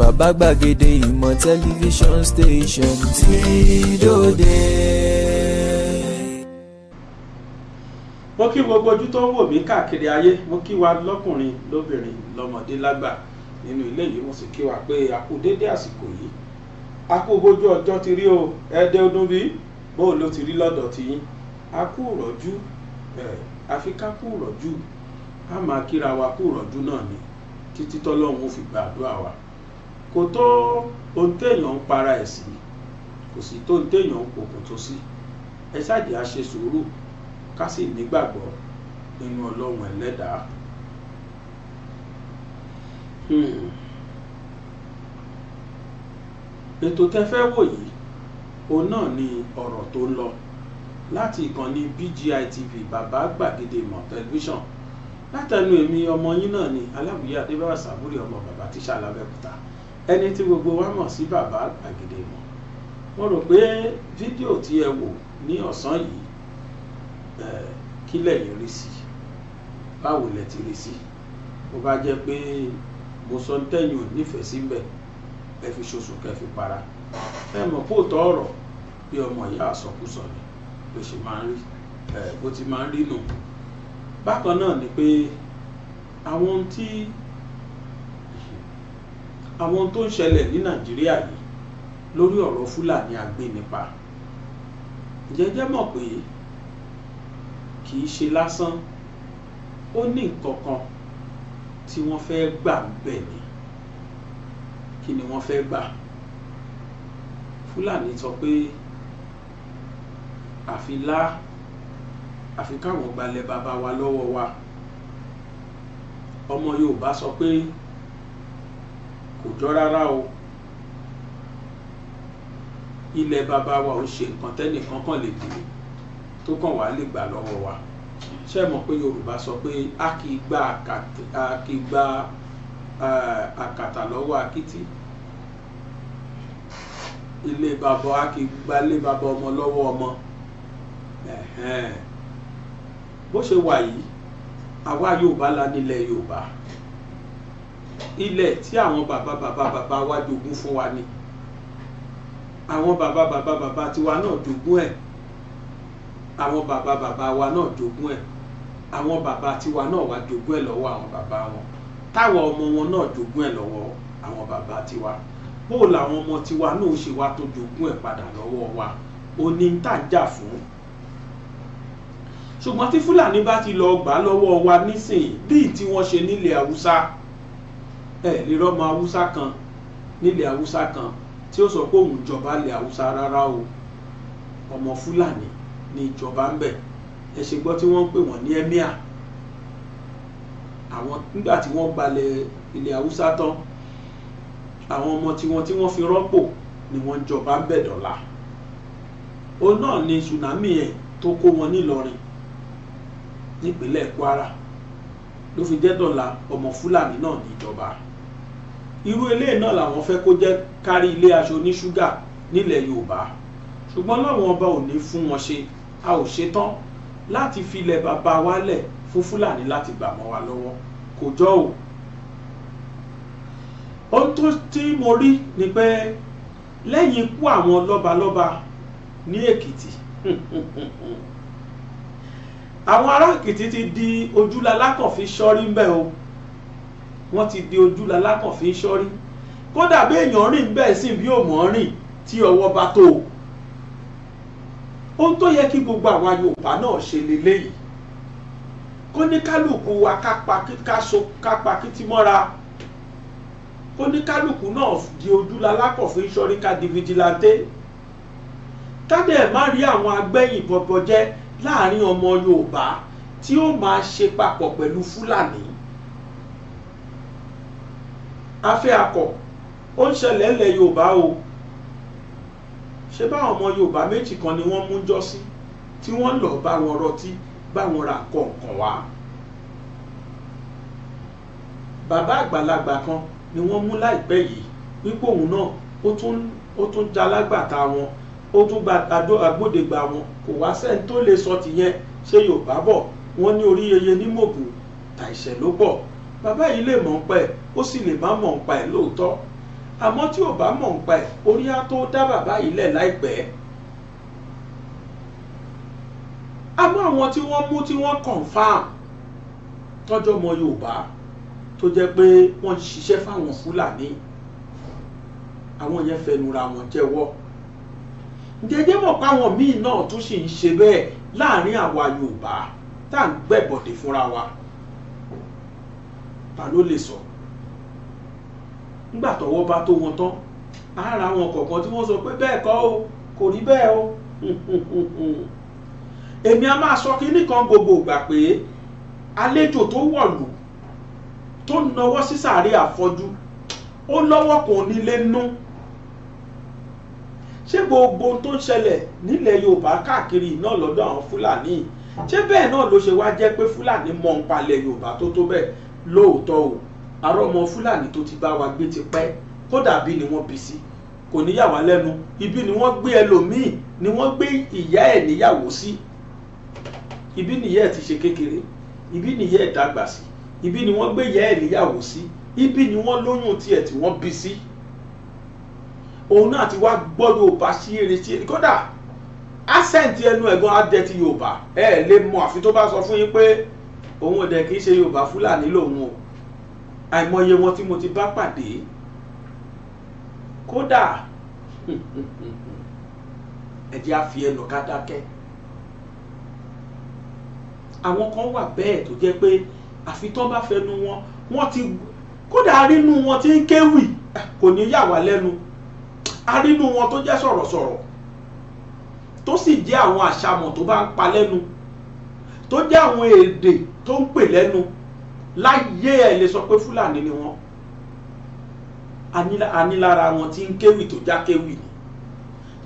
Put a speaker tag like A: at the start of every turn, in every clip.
A: bàbá gbàgede ìmọ̀
B: tẹlifíṣọ̀n station ti dòde. mo kí gbogbo ojú tó ń wò mí káàkiri ayé mo kí wa lọ́kùnrin lóbìnrin lọ́mọdé lágbà nínú ilé yìí mo sì kí wa pé a kú àsìkò yìí a kú ọjọ́ ti rí o ẹ̀ẹ́dẹ́ ọdún bíi bóun ló ti rí lọ́dọ̀ tiyín a kú rọ̀jú àfi ká kú rọ̀jú a máa kíra wa kú rọ̀jú náà ni títí tọ́lọ́run ó fi gbàdúrà wa kò tó ohun para ẹ̀ sí kò sì tó ohun téèyàn ń pokùn tó sí ẹ ṣáàjì á ṣe sùúrù ká sì nígbàgbọ́ nínú ọlọ́run ẹlẹ́dàá. Hmm. ètò tẹ́ fẹ́ wò yìí òun náà ni ọ̀rọ̀ tó ń lọ láti ìkànnì BGI TV bàbá gbàgede mọ̀ tẹlifíṣàn látẹnu èmi ọmọ yín náà ni aláwìyé adébáwá sàbúrì ọmọ bàbá tíṣà lábẹ́kúta ẹni tí gbogbo wa mọ̀ sí bàbá gbàgede mọ̀ mo rò pé fídíò tí ẹ wò ní ọ̀sán yìí kí lẹ̀yin rí sí báwo lẹ ti rí sí bó bá jẹ́ pé mo sọ tẹ́yìn ò nífẹ̀ẹ́ síbẹ̀ ẹ fi ṣoṣù kẹ́ fi para ẹ mọ̀ póòtọ́ ọ̀rọ̀ bí ọmọ ìyá àsọkúsọ ni ló ṣe máa ń rí bó ti máa ń rí nù bákan náà ni pé àwọn ohun tí àwọn tó ń ṣẹlẹ̀ ní nàìjíríà yìí lórí ọ̀rọ̀ fúlàní agbénipa jẹ́jẹ́ mọ̀ pé kì í ṣe lásán ó ní nǹkan kan tí wọ́n fẹ́ gbà bẹ́ẹ̀ ni kí ni wọ́n fẹ́ gbà fúlàní sọ pé àfi lá àfi káwọn gbalẹ̀ bàbá wa lọ́wọ́ wa ọmọ yorùbá sọ pé. So kò jọ rárá o ilẹ̀ bàbá wa ò ṣe nǹkan tẹ́nìkan kàn lè dìde tó kàn wá lè gbà lọ́wọ́ wa ṣé mọ̀ pé Yorùbá sọ pé a kì í gba àkàtà lọ́wọ́ akitì ilé bàbá a kì í gba ilé bàbá ọmọ lọ́wọ́ ọmọ bó ṣe wà yìí àwa Yorùbá la nílẹ̀ Yorùbá ilẹ̀ tí àwọn bàbá bàbá bàbá wa jogún fún wa ni àwọn bàbá bàbá bàbá tiwa náà jogún ẹ̀ àwọn bàbá bàbá wa náà jogún ẹ̀ àwọn bàbá tiwa náà wá jogún ẹ̀ lọ́wọ́ àwọn bàbá wọn táwa ọmọ wọn náà jogún ẹ̀ lọ́wọ́ àwọn bàbá tiwa bó làwọn ọmọ tiwa náà ṣe wá tó jogún ẹ̀ padà lọ́wọ́ wa òní ń tà jà fún ṣùgbọ́n tí fúlàní bá ti lọ gbà lọ́wọ́ wa nísìnyí bíi tí wọ́n ṣe nílẹ̀ haúsá ẹ lè rọmọ haúsá kan nílẹ̀ haúsá kan tí ó sọ pé òun jọba lẹ̀ haúsá rárá o ọmọ fúlàní ni ìjọba ń bẹ̀ ẹ ṣe gbọ́ tí wọ́n ń pè wọ́n ní emir àwọn nígbà tí wọ́n gbalẹ̀ ilẹ̀ haúsá tán àwọn ọmọ tiwọn tí wọ́n fi rọ́pò ni wọ́n jọba ń bẹ̀ dọ̀la òun náà ni tsunami yẹn tó kó wọn nílọrin nípínlẹ̀ kwara ló fi jẹ́ dọ̀la ọmọ fúlàní náà níjọba irú eléyìí náà làwọn fẹ́ kó jẹ́ kárí ilé aṣọ ní ṣúgà nílẹ̀ yorùbá ṣùgbọ́n láwọn ọba ò ní fún wọn ṣe a ò ṣetán láti fi ilẹ̀ bàbá wa lẹ̀ fún fúlàní láti gbà mọ́ wa lọ́wọ́ kò jọ o ohun tó tí mo rí ni pé lẹ́yìn ikú àwọn lọ́balọ́ba ní èkìtì àwọn ará èkìtì ti di ojúlalákàn fi ṣọ́rí ń bẹ̀ o wọ́n ti di ojú lalákànfin sọ́rí kódà bí èèyàn rìn bẹ́ẹ̀ sì bí òmò rìn tí ọwọ́ bá tó o ohun tó yẹ kí gbogbo àwa Yorùbá náà ṣe leléyìí kóníkálùkù wa kápá kìtì mọ́ra kóníkálùkù náà di ojú lalákọ̀fin sọ́rí ká di fìjìláńtẹ́ tádẹ̀ má rí àwọn agbẹ́yìn bọ̀bọ̀ jẹ́ láàrin ọmọ Yorùbá tí ó máa ṣe papọ̀ pẹ̀lú Fúlàní afẹ́ akọ ó ń ṣẹlẹ̀ ńlẹ̀ yorùbá o ṣé báwọn ọmọ yorùbá méjì kan ni wọ́n mú jọ́sí tí wọ́n lọ bá wọn rọtí bá wọn ra kọ̀ọ̀kan wá bàbá àgbàlagbà kan ni wọ́n mú láìpẹ́ yìí wípé òun náà ó tún jalágbàtà wọn ó tún gba agbódegbà wọn kò wá sẹ́ni tó lè sọ tìyẹn ṣé yorùbá bọ̀ wọ́n ní orí yeye ní mògùn tàìṣẹ̀ ló bọ̀ bàbá yìí lè mọ̀ ń pa ẹ̀ ó sì lè má mọ̀ ń pa ẹ̀ lóòótọ́ àmọ́ tí ò bá mọ̀ ń pa ẹ̀ orí á tó dá bàbá yìí lẹ̀ láìpẹ́ àmọ́ àwọn tí wọ́n mú tí wọ́n confam tọ́jọ́ ọmọ Yorùbá tó jẹ́ pé wọ́n ń ṣiṣẹ́ fáwọn Fúlàní àwọn yẹn fẹnura wọn jẹ́wọ́ jẹjẹ́ mọ̀ páwọn míì náà tún sì ń ṣe bẹ́ẹ̀ láàrin àwa Yorùbá tá à ń gbẹ̀bọ̀dẹ̀ fúnra wa ta ló lè sọ nígbà tọ́wọ́ bá tó wọn tán ara àwọn kọ̀ọ̀kan tí wọ́n sọ pé bẹ́ẹ̀ kọ́ o kò rí bẹ́ẹ̀ o èmi a máa sọ kínní kan gbogbo ìgbà pé àlejò tó wọ̀lú tó nawọ́ sí sàárè àfọ́jú ó lọ́wọ́ kò nílé nú ṣé gbogbo ohun tó ń ṣẹlẹ̀ nílẹ̀ Yorùbá káàkiri náà lọ́dọ̀ àwọn Fúlàní ṣé bẹ́ẹ̀ náà ló ṣe wá jẹ́ pé Fúlàní mọ̀ ń palẹ̀ Yorùbá tó tó bẹ́ẹ̀ lóòótọ́ o àrọ́ ọmọ fúlàní tó ti bá wa gbé ti pẹ́ kódà bí ni wọ́n bí sí kò níyàwó lẹ́nu ibi ni wọ́n gbé ẹlòmíì ni wọ́n gbé ìyá ẹ̀ níyàwó sí ibi nìyẹ́ ẹ̀ ti ṣe kékeré ibi nìyẹ́ ẹ̀ dàgbà sí ibi ni wọ́n gbé ìyá ẹ̀ níyàwó sí ibi ni wọ́n lóyún tiẹ̀ tí wọ́n bí sí òun náà ti wá gbọ́dọ̀ bá sí eré sí eré kódà accent ẹnu ẹ̀gbọ́n adẹ́tí Yorùbá ẹ̀ lè mọ àfi tó bá sọ fún yín pé òun ò dẹ̀ kì í ṣe yorùbá fúlàní lòun o àìmọye wọn tí mo ti bá pàdé kódà ẹ jẹ́ àfi ẹnu ká dákẹ́ àwọn kan wà bẹ́ẹ̀ tó jẹ́ pé àfi tán bá fẹnu wọn wọ́n ti kódà arínú wọn ti ń kéwì kò ní yà wá lẹ́nu arínú wọn tó jẹ́ sọ̀rọ̀sọ̀rọ̀ tó sì jẹ́ àwọn àṣàmọ̀ tó bá ń pa lẹ́nu tó jẹ́ àwọn èdè tó ń pè lẹ́nu láyé ẹ̀ lè sọ pé fúlàní ni wọ́n anilára wọn ti ń kéwì tó já kéwì ni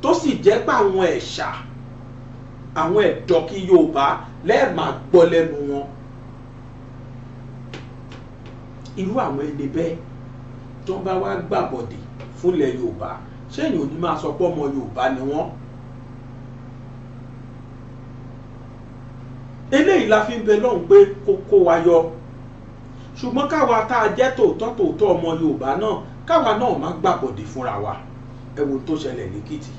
B: tó sì jẹ́ pé àwọn ẹ̀ṣà àwọn ẹ̀dọ́ kí Yorùbá lẹ́ẹ̀máa gbọ́ lẹ́nu wọn irú àwọn ẹni bẹ́ẹ̀ tó bá wá gbàbọ̀dè fúnlẹ̀ Yorùbá ṣé èèyàn ò ní máa sọ pé ọmọ Yorùbá ni wọ́n. eléyìí la fi ń bẹ lọ́hùn pé kó kó wa yọ ṣùgbọ́n káwa tá a jẹ́ tòótọ́ tòótọ́ ọmọ Yorùbá náà káwa náà má gbàbọ̀dé fúnra wa ẹ wo tó ṣẹlẹ̀ lẹ́kìtì.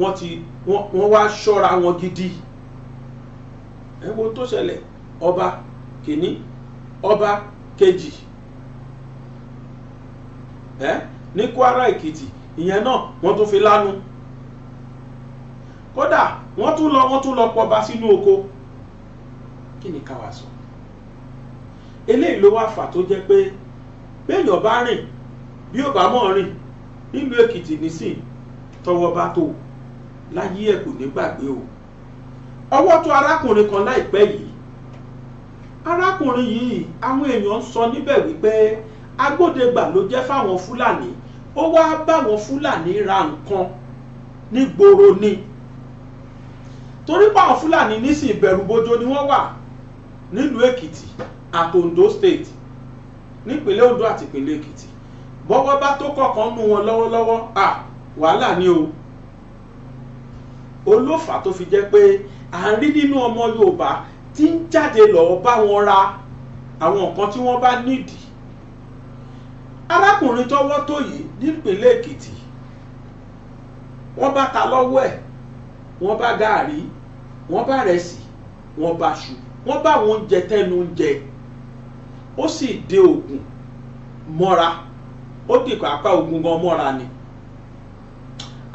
B: wọ́n ti wọ́n wá ṣọ́ra wọn gidi ẹ tó ṣẹlẹ̀ ọba kìíní ọba kejì ẹ ní Kwara Èkìtì ìyẹn náà wọ́n tún fi lánu kódà wọ́n tún lọ wọ́n tún lọ pọba sínú oko kí ni ká wá sọ eléyìí ló wá fà tó jẹ́ pé béèyàn bá rìn bí ó bá mọ̀ rìn nílùú Èkìtì nísìn tọ́wọ́ bá tó láyé ẹ̀ kò ní gbàgbé o ọwọ́ tó arákùnrin kan láìpẹ́ yìí arákùnrin yìí àwọn èèyàn sọ níbẹ̀ wípé agbódegbà ló jẹ́ fáwọn Fúlàní ó wá báwọn fúlàní ra nǹkan nígboro ni torí báwọn fúlàní nísìnyí ìbẹ̀rùbojo ni wọ́n wà nílùú èkìtì àti ondo state nípínlẹ̀ ondo àti ìpínlẹ̀ èkìtì bọ́wọ́ bá tó kọ̀ọ̀kan nú wọn lọ́wọ́lọ́wọ́ à wàhálà ni o olófà tó fi jẹ́ pé à ń rí nínú ọmọ yorùbá tí ń jáde lọ́ọ́ bá wọn ra àwọn nǹkan tí wọ́n bá nídìí arákùnrin tọ́wọ́ tó yìí nípínlẹ̀ Èkìtì wọ́n bá ta lọ́wọ́ ẹ̀ wọ́n bá gàárì wọ́n bá rẹsì wọ́n bá ṣù wọ́n bá àwọn oúnjẹ tẹ́nu ń jẹ ó sì de ògùn mọ́ra ó dìgbà apá ògùn gan mọ́ra ni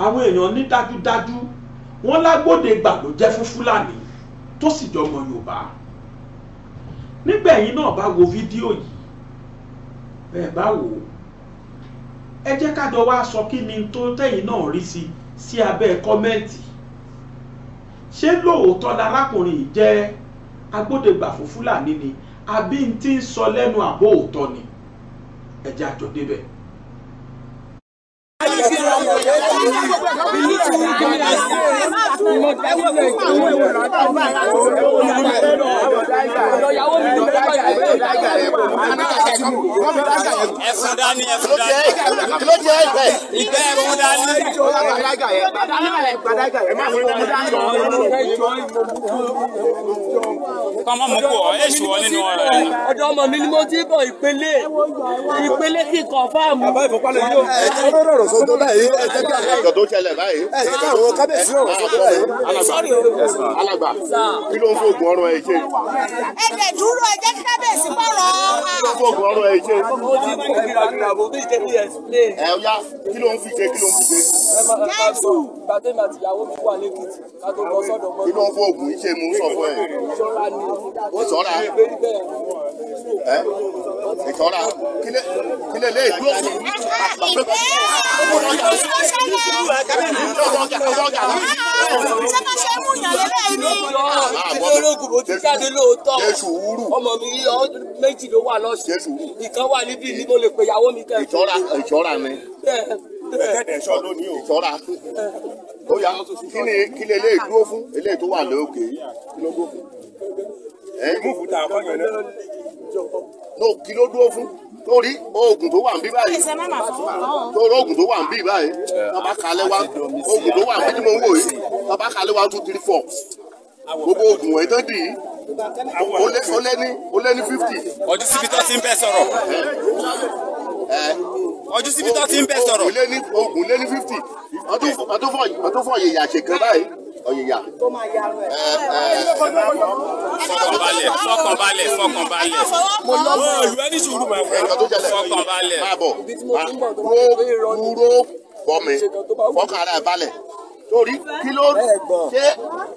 B: àwọn èèyàn ní dájúdájú wọ́n lágbódegbà ló jẹ́ fún Fúlàní tó sì jọmọ Yorùbá nígbẹ̀yìn náà bá wo fídíò yìí bẹ́ẹ̀ bá wò ó ẹ jẹ́ ká jọ wá sọ kí ni tó tẹ̀yìn náà rí sí sí abẹ́ kọ́mẹ́ǹtì ṣé lóòótọ́ larákùnrin yìí jẹ́ agbódegbà fún fúlàní ni àbí n ti ń sọ lẹ́nu àbó òótọ́ ni ẹ jẹ́ àjọ débẹ̀.
C: Thank you lọ́yàwó mi ló dájà yẹn ló dájà yẹn kò mọ́ mi dájà yẹn kò mọ́ mi dájà yẹn. ẹ̀sùn dání ẹ̀sùn dání. kí ló jẹ́
D: ìgbẹ́? ìgbẹ́ ẹ̀mú dání. gbàdágà yẹn gbàdágà yẹn má fún mi dání. kọ́mọ́ mú kú ọ ẹ̀ sùn ọ nínú ọ̀rọ̀ ẹ̀. ọ̀dọ̀ ọmọ mi ni mo ti bọ̀ ìpele ìpele kí n kàn fáàmù. bàbá ìfọ̀pálẹ̀ yóò. ẹ jẹ́ kí ọ̀rọ̀ sọ tó báyìí. ẹ jẹ́ kí àjọ tó ṣẹlẹ̀ báyìí. ẹ jẹ́ kí àwọn kábíyèsí ọ̀rọ̀ sọ tó báyìí. alàgbà kí ló ń fò ògùn ọrùn ẹ̀ ṣe? ẹ̀jẹ̀
C: dúró ẹ̀jẹ̀ kábíyèsí bọ̀rọ̀
D: ọ̀rọ̀ ẹ̀jẹ̀. ẹ ọ̀ya kí ló ń fi ṣe kí ló ń fi ṣe. jésù. tàbí mi àti ìyàwó mi wà lẹ́kìtì ká tó lọ sọ́dọ̀ mọ́. kí ló ń fọ oògùn iṣẹ́ mu sọ fún ẹ. ìṣọ́ra ni ó ṣọ́ra. ẹ kí lè lè dúró fún mi. ṣé mo ṣe mú ìyàlẹ́lẹ́ yìí ni. àwọn ológun mo ti jáde lóòótọ́ tọ́ ọmọ mi méjì ló wà lọ́sùn ìkan wà níbí ni mo lè pe ìyàwó mi kẹ́ ìṣọ́ra ìṣọ́ra ni kẹ́ẹ̀dẹ̀ lónìí o ìṣọ́ra ó yá kí ni kí lè lè dúró fún eléyìí tó wà lókè kí ló dúró fún. ìmúfù tá kí ló dúró fún torí oògùn tó wà ń bí báyìí torí oògùn tó wà ń bí báyìí tọ́ba kalẹ̀ wa oògùn tó wà ń bí tí mo kalẹ̀ wa two three four gbogbo oògùn wọ̀nyí tó dì í
A: ó lé
D: ní ó lé ní fifty. ọjọ́
A: síbi tó ti ń bẹ́ sọ̀rọ̀.
D: ọjọ́ síbi tó ti ń bẹ́ sọ̀rọ̀. oògùn lé ní fifty. ọdún fún ọ̀yẹ̀yà ṣèkan báyìí ọ̀yẹ̀yà.
C: fọkànbalẹ̀
D: fọkànbalẹ̀ fọkànbalẹ̀. bọ́ọ̀lù ẹni sùúrù máa fẹ́. fọkànbalẹ̀. máa bọ̀ máa kúrò kúrò bọ́ mi fọkànbalẹ̀ balẹ̀ torí kí ló ṣe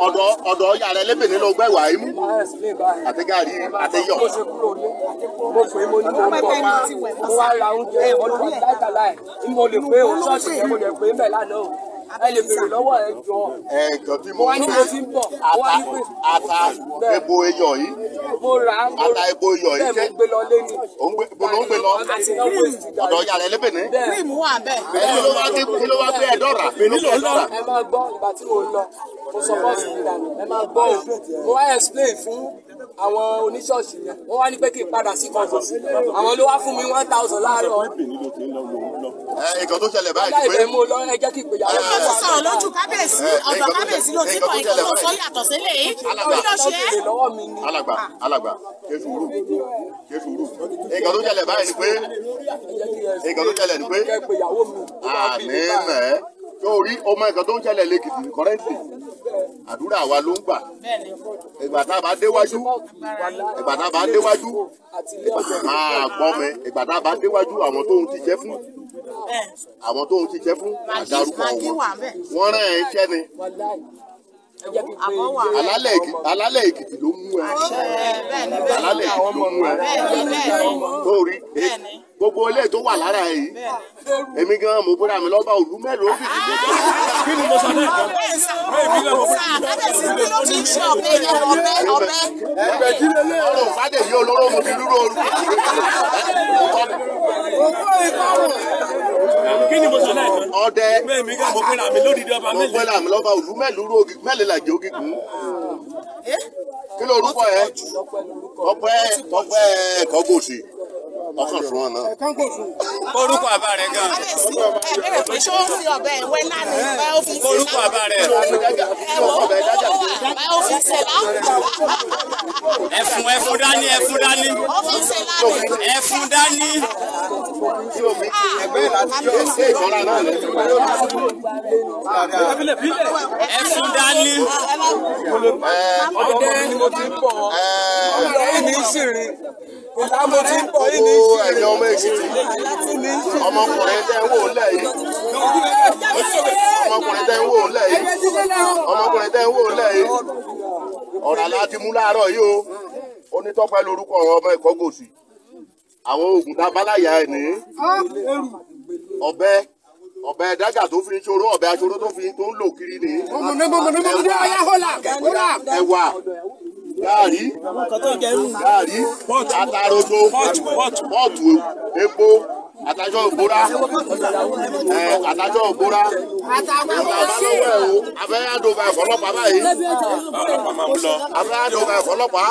D: ọ̀dọ̀ ọ̀dọ̀ ọ̀yà rẹ lébè nínú ọgbẹ́ ìwà imú àti gàrí àti yọ.
C: mo pè mo ní mo ń bọ̀ máa mo wá ra oúnjẹ ọdún
D: láìka láì mo lè pé òun ṣọ́ọ̀ṣì mo lè pé bẹ́ẹ̀ lánàá o ẹ lè béèrè lọ́wọ́ ẹ jọ. ẹ jọ tí mo fẹ́ ata epo eyọ yìí. mo ra mo ata epo eyọ yìí. bẹ́ẹ̀ mo gbé lọ lé ni. o ń gbé lọ. ọ̀dọ̀ yàrá ẹ ní. kírìmù
A: wà bẹ́ẹ̀.
C: kí ló wá dé kí ló wá gbé ẹ dọ́ra. ẹ
D: máa gbọ́ ìgbà tí mo lọ mo sọ fọ́ọ̀sì mi dànù ẹ máa gbọ́ o mo wá explain fún àwọn oníṣọ́ọ̀ṣì yẹn wọ́n wá ní pé kí n padà sí conference àwọn ló wá fún mi one thousand láàárọ̀. ìkan tó ṣẹlẹ̀ báyìí pé ìbẹ̀ mo lọ ẹ jẹ́ kí ìpèjà wọn. ọ̀rọ̀ sọ̀rọ̀ lójú kábíyèsí ọ̀dọ̀ kábíyèsí ló ti kọ̀ ìkan tó sọ yàtọ̀
A: sílẹ̀ yìí kí ló ṣe é.
D: alàgbà alàgbà kéṣùrù kéṣùrù ìkan tó ṣẹlẹ̀ báyìí ni pé ìkan tó ṣẹlẹ̀ ni pé àmì mẹ́ẹ́ tó rí ọmọ ìkan tó ń ṣẹlẹ̀ lẹ́kìtì kọ́rẹ́ǹtì àdúrà wa ló ń gbà ìgbà tá a bá déwájú ìgbà tá a bá déwájú àgbọ̀mẹ ìgbà tá a bá déwájú àwọn tóun ti jẹ́ fún àwọn tóun ti jẹ́ fún àdárúkọ wọn wọ́n rán ẹ iṣẹ́ ni alálẹ̀ èkìtì ló mú ẹ alálẹ̀ èkìtì ló mú ẹ lórí gbogbo ilé tó wà lára yìí èmi gan mo bóra mi lọ́ba òlú mẹ́lòó fi ti
C: gbogbo. kí ni mo sọ ní ìkan. èmi náà mo bóra mi lọ́ba ah, òlú mẹ́lòó fi ti gbogbo. ẹgbẹ́ tí lélẹ̀ rẹ̀. ọ̀rọ̀ fàdé yìí olóró mo fi
D: lúró ooru. kí ni mo sọ ní ìkan. ọdẹ èmi gan mo bóra mi lódìdí ọba mẹ́lẹ̀. mo bóra mi lọ́ba òlú mẹ́lòó mẹ́lẹ̀làjẹ́ ògìgún eh? kí ló orúkọ ẹ ọpẹ ọpẹ kọgbọsì ọkàn fún wọn náà. orúkọ àbá rẹ gan. ẹ pé ṣé ó ń fi ọbẹ̀ ìwé náà ní báyọ̀fíìsì náà. orúkọ àbá rẹ. ẹ̀wọ̀n báyọ̀fíìsì náà. ẹ̀fún ẹ̀fún dání ẹ̀fún dání. ọ̀fíìsì náà. ẹ̀fún dání.
C: ẹ̀fún dání. ọ̀dẹ́ ni mo ti ń bọ̀ ọ́. ẹ̀ẹ́dì ń sìn rí
D: mo ti ń bọ̀ yìí ní ìṣe ẹ̀yìn ọmọ èkìtì
C: ọmọkùnrin tẹ́
D: ń wò lẹ̀ yìí ọmọkùnrin tẹ́ ń wò lẹ̀ yìí ọmọkùnrin tẹ́ ń wò lẹ̀ yìí ọ̀rọ̀ aláti mú láàárọ̀ yìí o onítọ́pẹ́ lórúkọ ọmọ Ìkọgòsì àwọn oògùn tábàláyà ẹ̀ ní ọ̀bẹ ọ̀bẹ dága tó fi ń ṣòro ọ̀bẹ aṣòro tó fi ń tó ń lò kiri nìyí ẹwà gaari gaari atarojo pọ́ọ̀tù epo atajọ ògbóra ẹ atajọ ògbóra ọlọpàá o abẹ́yàdó bá ẹ̀fọ́ ọlọ́pàá báyìí abẹ́yàdó bá ẹ̀fọ́ ọlọ́pàá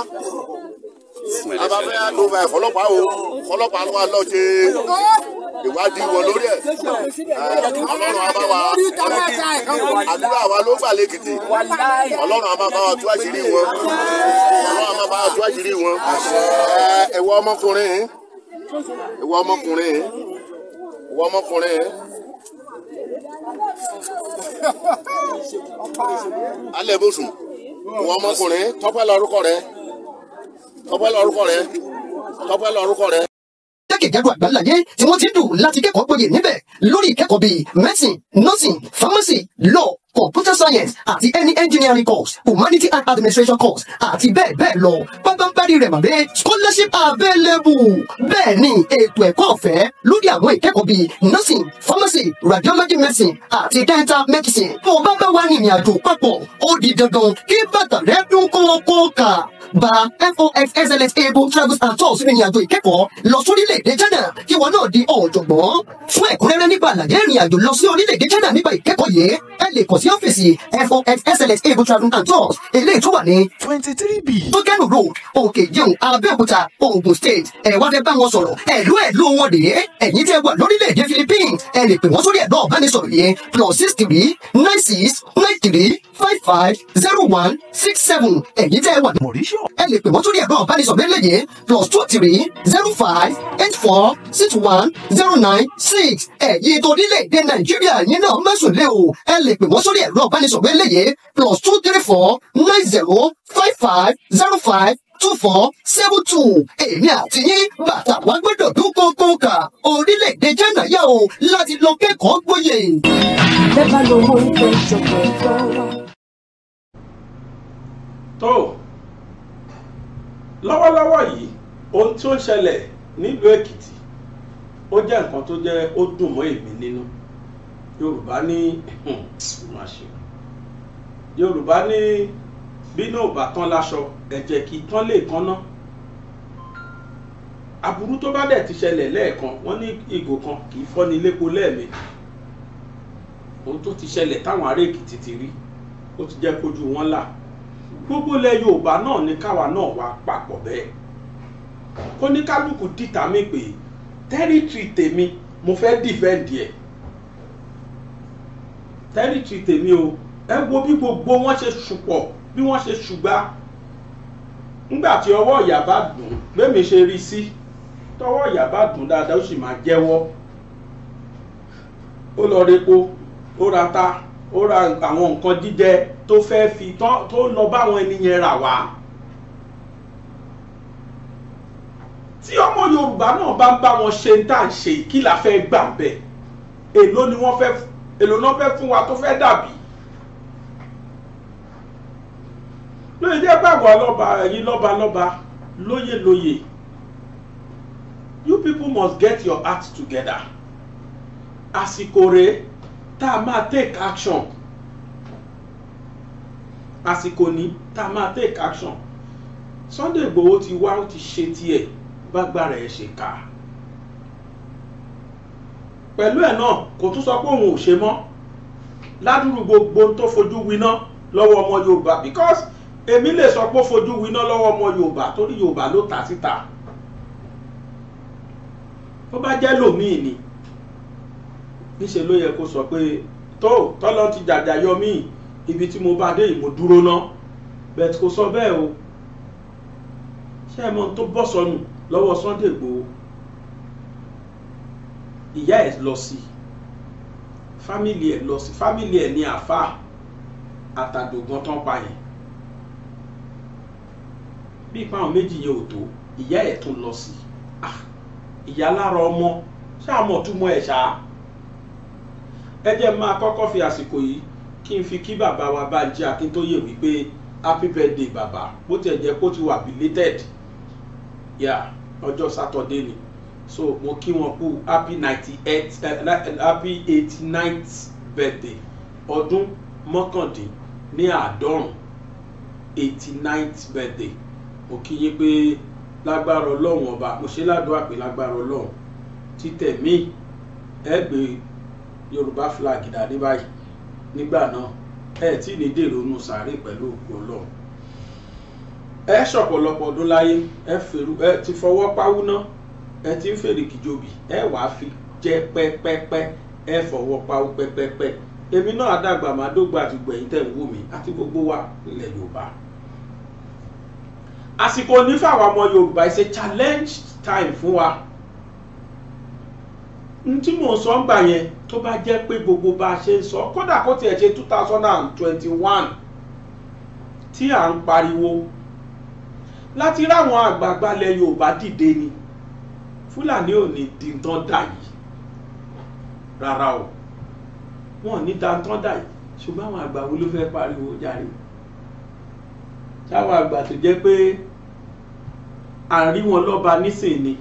C: abafẹ́ àdóba
D: ẹ̀fọ́lọ́pàá o ọlọ́pàá ló wà lọ ṣe ìwádìí wọn lórí ẹ̀ ọlọ́run á bá wa àdúrà wa ló gbà lẹ́kìtì ọlọ́run á bá wa tú àṣírí wọn ọlọ́run á bá wa tú àṣírí wọn ẹ̀wọ́ ọmọkùnrin ẹ̀wọ́ ọmọkùnrin ẹ̀wọ́ ọmọkùnrin alẹ́ bó sùn ẹ̀wọ́ ọmọkùnrin tọ́pẹ́ lọ́rùkọ rẹ̀ tọpẹ́ lórúkọ rẹ tọpẹ́ lórúkọ rẹ. jákèjádò àgbáńlá yé tí wọ́n ti dùn láti kẹ́kọ̀ọ́ gboyè níbẹ̀ lórí
E: ìkẹ́kọ̀ọ́ bíi medicine nursing pharmacy law computer science àti any engineering course humanity and administration course àti bẹ́ẹ̀ bẹ́ẹ̀ lọ pápánpárí rẹ̀ màdé scholarship available bẹ́ẹ̀ ni ètò ẹ̀kọ́ ọ̀fẹ́ lórí àwọn ìkẹ́kọ̀ọ́ bíi nursing pharmacy radiology medicine àti dental medicine tó o bá bá wà ní ìrìn àjò papọ̀ ó di dandan kí bàtà rẹ dún kókó kà gba FOX SLS able travels and tours ìrìn àjò ìkẹ́kọ̀ọ́ lọ sórílẹ̀-èdè China kí wọn náà di ọ̀jọ̀gbọ́n fún ẹ̀kúnrẹ́rẹ́ nípa àlàyé ìrìn àjò lọ sí orílẹ̀-èdè China nípa ìkẹ́kọ̀ọ́ yìí ẹ lè kàn sí ọ́fíìsì FOX SLS able travels and tours eléyìí tó wà ní twenty three b tókẹ́nù road òkè ìjẹun Abẹ́òkúta Ògùn state ẹ wá fẹ́ bá wọn sọ̀rọ̀ ẹ̀lú ẹ̀lú wọn dè é ẹ̀yin tẹ́ wà lórílẹ̀-èdè Philippines ẹ lè pè wọ́n sórí ẹ̀dọ́ ọ̀bánisọ̀rọ̀ yẹn plus six three nine six nine three five five zero one six seven ẹ̀yin tẹ́ ẹ wà ní Mauritius. ẹ lè pè wọ́n tó rí ẹ̀rọ ìbánisọ̀ méjèèjì plus two three zero five eight four six one zero nine six ẹ̀yin tó orílẹ̀-èdè Nàìjíríà yín náà mẹ́sùn lé o ẹ lè pè wọ́n sórí ẹ̀rọ ìbánisọ̀ méjèèjì plus two three four nine zero five five zero five two four seven two èmi àti yín bàtà wá gbọ́dọ̀ dún kónkónkà orílẹ̀-èdè China yá o láti lọ kẹ́kọ̀ọ́
B: gboyè. bẹ́ẹ̀ bá lọ wọ́n ń fẹ́ jọ̀pọ̀ lọ́wọ́ tó lọ́wọ́lọ́wọ́ yìí ohun tí ó ń ṣẹlẹ̀ nílùú Èkìtì ó jẹ́ nǹkan tó jẹ́ ó dùn mọ́ èmi nínú Yorùbá ní Yorùbá ní bínú ò bá tán láṣọ ẹ̀jẹ̀ kì í tán lè kán ná aburú tó bá dẹ̀ ti ṣẹlẹ̀ lẹ́ẹ̀kan wọ́n ní ìgò kan kì í fọ́ni lépo lẹ́ẹ̀mejì ohun tó ti ṣẹlẹ̀ táwọn ará Èkìtì ti rí ó ti jẹ́ kójú wọn là gbogbo ilẹ̀ Yorùbá náà ni káwa náà wà papọ̀ bẹ́ẹ̀ kóníkálukú dìtà mí pé tẹ́rìtì tèmi mo fẹ́ dìfẹ́ǹdì ẹ̀ tẹ́rìtì tèmi o ẹ wo bí gbogbo wọn ṣe ṣùpọ̀ bí wọ́n ṣe ṣùgbà nígbà tí ọwọ́ ìyá bá dùn gbẹ̀mí ṣe rí sí tọwọ́ ìyá bá dùn dáadáa ó sì máa jẹ́wọ́ ó lọ repo ó ra ta ó ra àwọn nǹkan jíjẹ tó fẹ́ fi tó lọ bá ẹni yẹn rà wá. tí ọmọ yorùbá náà bá ń bá wọn ṣe ń tà ń ṣe kí la fẹ́ gbà bẹ́ẹ̀ èló ni wọ́n fẹ́ èló náà fẹ́ fún wa tó fẹ́ dàbí. lóye jẹ́ gbàgbọ́ lọ́ba ẹ̀yin lọ́ba lọ́ba lóye lóye you people must get your act together àsìkò rèé tá a máa take action àsìkò ní tá a máa take action Sunday Igboho ti wá ó ti ṣe tiẹ̀ bágbára ẹ̀ ṣe kà á pẹ̀lú ẹ̀ náà kò tún sọ pé òun ò ṣe mọ́ ládùúrú gbogbo tó fojú winá lọ́wọ́ ọmọ Yorùbá because èmi lè sọ pé ó fojú winá lọ́wọ́ ọmọ Yorùbá torí Yorùbá ló ta síta. Si tó bá jẹ́ lòmíì ni níṣẹ́ ló yẹ kó sọ pé tó tọ́lọ́ ti jàjà yọ mí ibi tí mo bá dé ìmọ̀ dúró ná bẹ́ẹ̀ tí kò sọ bẹ́ẹ̀ o ṣé ẹ mọ tó bọ́ sọnù lọ́wọ́ Sunday Igboho ìyá ẹ̀ lọ sí fámìlì ẹ̀ lọ sí fámìlì ẹ̀ ní àfa àtàdògán tán pa yẹn bí ìpáwọn méjì yẹn ò tó ìyá ẹ̀ tún lọ sí ah, ìyá lára ọmọ ṣáà mọ̀ túmọ̀ ẹ̀ ṣáà ẹ jẹ́ máa kọ́kọ́ fi àsìkò yìí kí n fi kí bàbá wa Bánjí Akíntóyè wípé happy birthday bàbá bó tiẹ̀ jẹ́ kó ti wà belated yà ọjọ́ sátọ̀dé ni so mo kí wọn kú happy ninety eight eh, happy eighty ninth birthday ọdún mọ́kàndín ní àádọ́rùn eighty ninth birthday mo kí yín pé lágbára ọlọ́run ọba mo ṣe ládùúgbà pé lágbára ọlọ́run títẹ̀ mí ẹ gbé yorùbá flag dàdé báyìí nígbà náà ẹ tí ì ní dèrò nù sàárè pẹ̀lú òkú ọlọ́run ẹ ṣọ̀pọ̀lọpọ̀ ọdún láyé ẹ ti fọwọ́ páwú ná ẹ ti ń fèrè kìjòbì ẹ wàá fi jẹ pẹ́pẹ́pẹ́ ẹ fọwọ́ páwú pẹ́pẹ́pẹ́ èmi náà àdàgbà máa dógbà àti gbẹ̀yìn tẹ̀ ń wò mí àti gbogbo wa ilẹ̀ yorùbá àsìkò onífàwọ̀ ọmọ yorùbá ṣe challenge time fún wa n tí mò ń sọ ń gbà yẹn tó bá jẹ́ pé gbogbo bá a ṣe ń sọ kódà kó tiẹ̀ ṣe two thousand and twenty one tí à ń pariwo láti ráwọn àgbààgbà ilẹ̀ Yorùbá dìde ni Fúlàní ò ní dìntàn dà yìí rárá o wọn ò ní dantán dà yìí ṣùgbọ́n àwọn àgbà wo ló fẹ́ pariwo járe táwọn àgbà tó jẹ́ pé àrí lọ́ba nísìnyí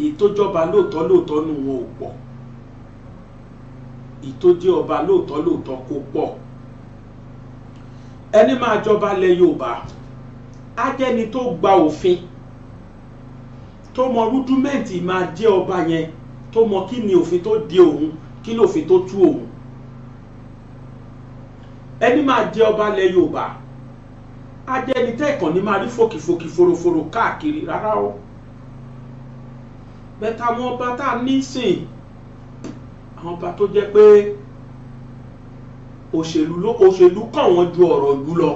B: ìtójọba lóòótọ́ lóòótọ́ nù wọn ò pọ̀ ìtójẹ ọba lóòótọ́ lóòótọ́ kò pọ̀ ẹni máa jọba lẹ Yorùbá á jẹ́ni tó gba òfin tó mọ rúdúmẹ́ǹtì máa jẹ́ ọba yẹn tó mọ kí ni òfin tó de òun kí ni òfin tó tú òun ẹni máa jẹ ọba lẹ Yorùbá á jẹ́ni tẹ́ẹ̀kan ní máa rí fòkìfòkì foroforo káàkiri rárá o bẹ́tà àwọn ọba tá a nísìn àwọn ọba tó jẹ́ pé òṣèlú ló òṣèlú kàn wọ́n ju ọ̀rọ̀ ìlú lọ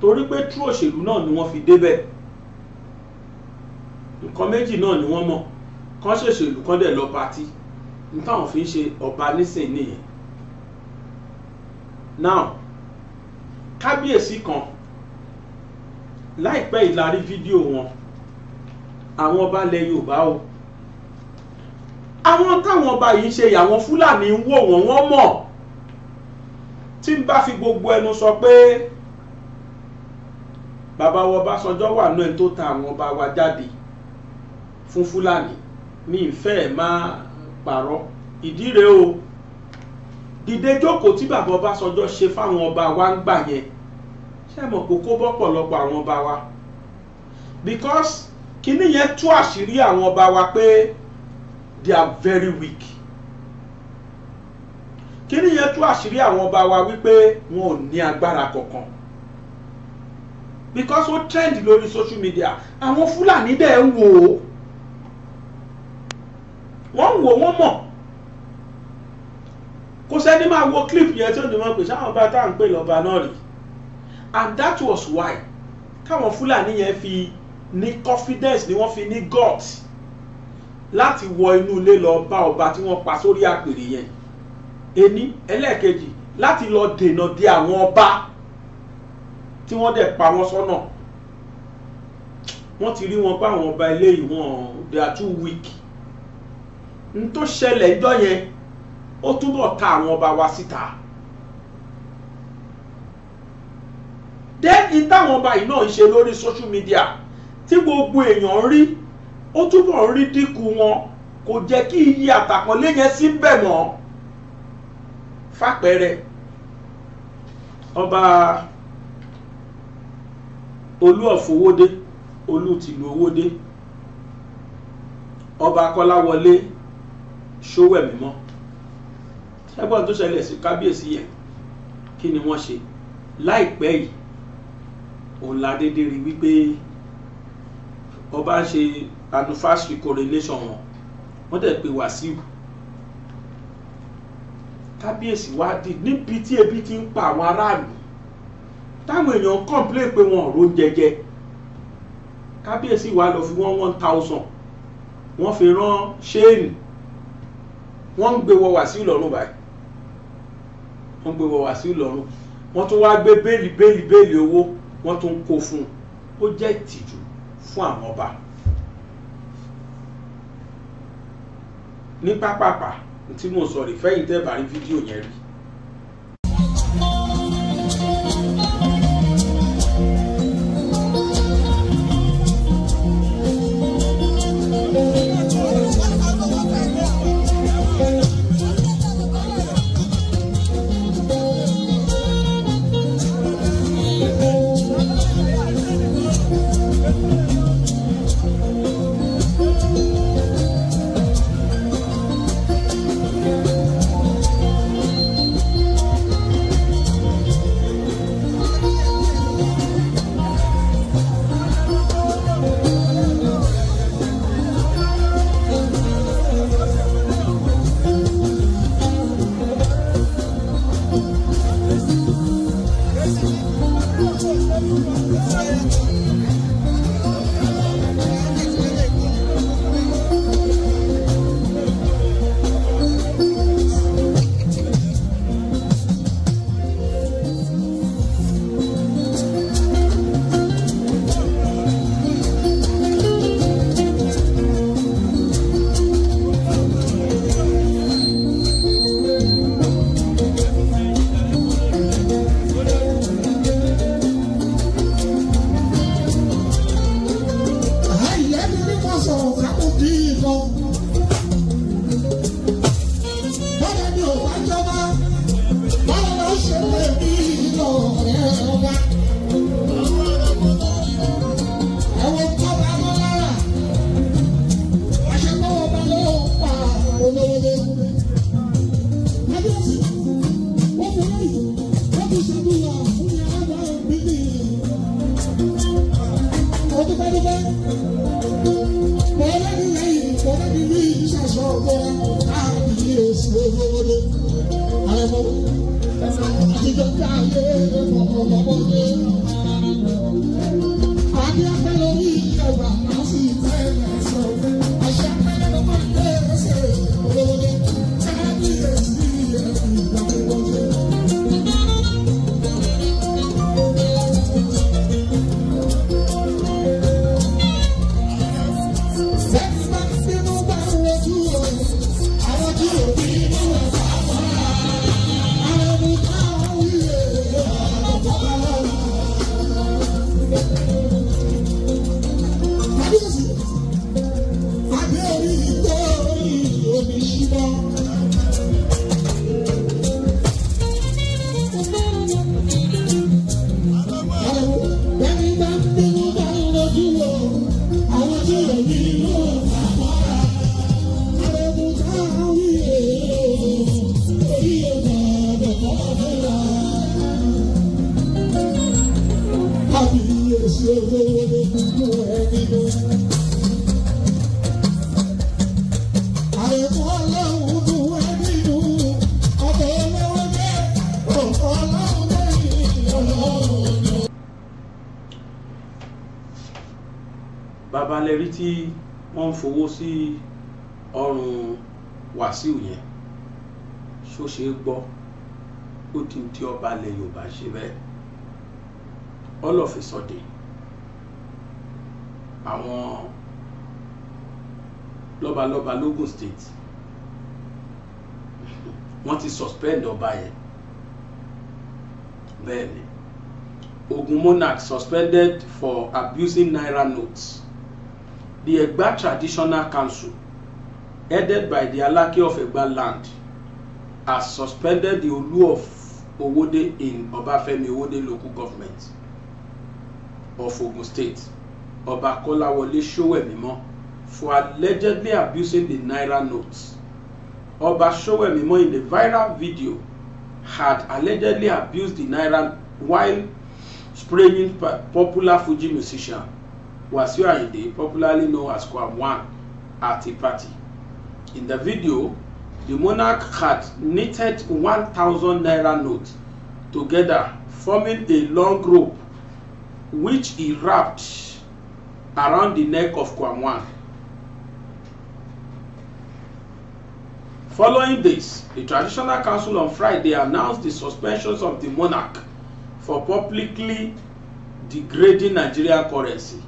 B: torí pé tú òṣèlú náà ni wọ́n fi débẹ̀ nǹkan méjì náà ni wọ́n mọ̀ kán ṣèṣèlú kán dẹ̀ lọ patí nítawọn fi ń ṣe ọba nísìn nìyẹn now kábíyèsí kan láìpẹ́ ìlarí fídíò wọn àwọn ọba ilẹ̀ Yorùbá o àwọn táwọn ọba yìí ṣe àwọn Fúlàní ń wò wọ́n wọ́n mọ̀ tí n bá fi gbogbo ẹnu sọ pé bàbá wa Ọbásanjọ́ wà náà tó ta àwọn ọba wa jáde fún Fúlàní mi ìfẹ́ ẹ̀ máa pààrọ̀ ìdí rèé o dìde jókòó tí bàbá Ọbásanjọ́ ṣe fáwọn ọba wa ń gbà yẹn ṣé mọ̀ kó kó bọ́pọ̀lọpọ̀ àwọn ọba wa because kíní yẹn tú àṣírí àwọn ọba wa pé they are very weak kíní yẹn tú àṣírí àwọn ọba wa wípé wọn ò ní agbára kankan because ó trend lórí social media àwọn fúlàní dẹ̀ ń wò ó wọ́n ń wò wọ́n mọ̀ kò sẹ́ni máa wo clip yẹn tí ó ní wọ́n pè sáwọn ọba tá à ń pè lọ́ba náà rí and that was why káwọn fúlàní yẹn fi ní confidence ni wọ́n fi ní gut láti wọ inú ilé lọ bá ọba tí wọ́n pa sórí àpèrè yẹn ení ẹlẹ́ẹ̀kejì láti lọ dènà de àwọn ọba tí wọ́n dẹ̀ pa wọ́n sọ́nà wọ́n ti rí wọn bá àwọn ọba ilé yìí wọ́n they are too weak n tó ṣẹlẹ̀ ìjọ́ yẹn ó túbọ̀ ta àwọn ọba wa síta. Si then ìtàwọn ọba yìí náà ń ṣe lórí social media tí gbogbo èèyàn rí ó túbọ̀ ń rí dínkù wọn kò jẹ́ kí iye àtàkọ́lé yẹn sí bẹ̀ mọ́ fàpẹẹrẹ ọba olú ọ̀fọwọ́dé olú tìlú owódé ọba kọ́láwọlé ṣówẹ̀ mímọ́ ṣẹ́gbọ́n tó ṣẹlẹ̀ sí kábíyèsí yẹn kí ni wọ́n ṣe láìpẹ́ yìí òun la dédé rí wípé wọ́n bá ń ṣe anniversary correlation wọn wọ́n dẹ̀ pé Wàsíù kábíyèsí wá dì níbi tí ebi ti ń pa àwọn aráàlú táwọn èèyàn complain pé wọn ò ró jẹjẹ kábíyèsí wa lọ fi wọ́n one thousand wọ́n fi rán ṣéènì wọ́n ń gbé wọ Wàsíù lọ́rùn báyìí wọ́n ń gbé wọ Wàsíù lọ́rùn wọ́n tún wá gbé béèlì béèlì béèlì owó wọ́n tún kó fún un ó jẹ́ ìtìjú fún àwọn ọba ní pápápá tí mo sọ rè fẹ́yìntẹ́ bá rí fídíò yẹn rí
C: mo dúpẹ́ dúpẹ́. Bọ́lá ní lẹ́yìn bọ́lá ní ní ìṣàṣọ ọ̀gbọ́n káàkiri èsì olówóde. Àrẹ̀mọ́ àtijọ́ káàyè ọmọ ọmọ ọmọdé. Adé afẹ́ lórí.
B: gbọ́ ó di ti ọba ilẹ̀ Yorùbá ṣe bẹ́ẹ̀ all of a sudden àwọn lọ́balọ́ba lógùn state wọ́n ti suspend ọba yẹn bẹ́ẹ̀ ni Ogun monarch suspended for abusing naira notes the Egba traditional council headed by the Alake of Egba land has suspended the Olu of Owode in Obafemi Owode local government of Ogun State, Oba Kolawole Sowemimo, for allegedly abusing the Naira notes. Oba Sowemimo in the viral video had allegedly abused the Naira while spraying popular Fuji musician Wasiu Ayinde, popularly known as Kwamwan, at a party. In the video, The monarch had knitted 1,000 naira note together, forming a long rope, which he wrapped around the neck of Kwamwan. Following this, the Traditional Council on Friday announced the suspension of the monarch for publicly degrading Nigerian currency,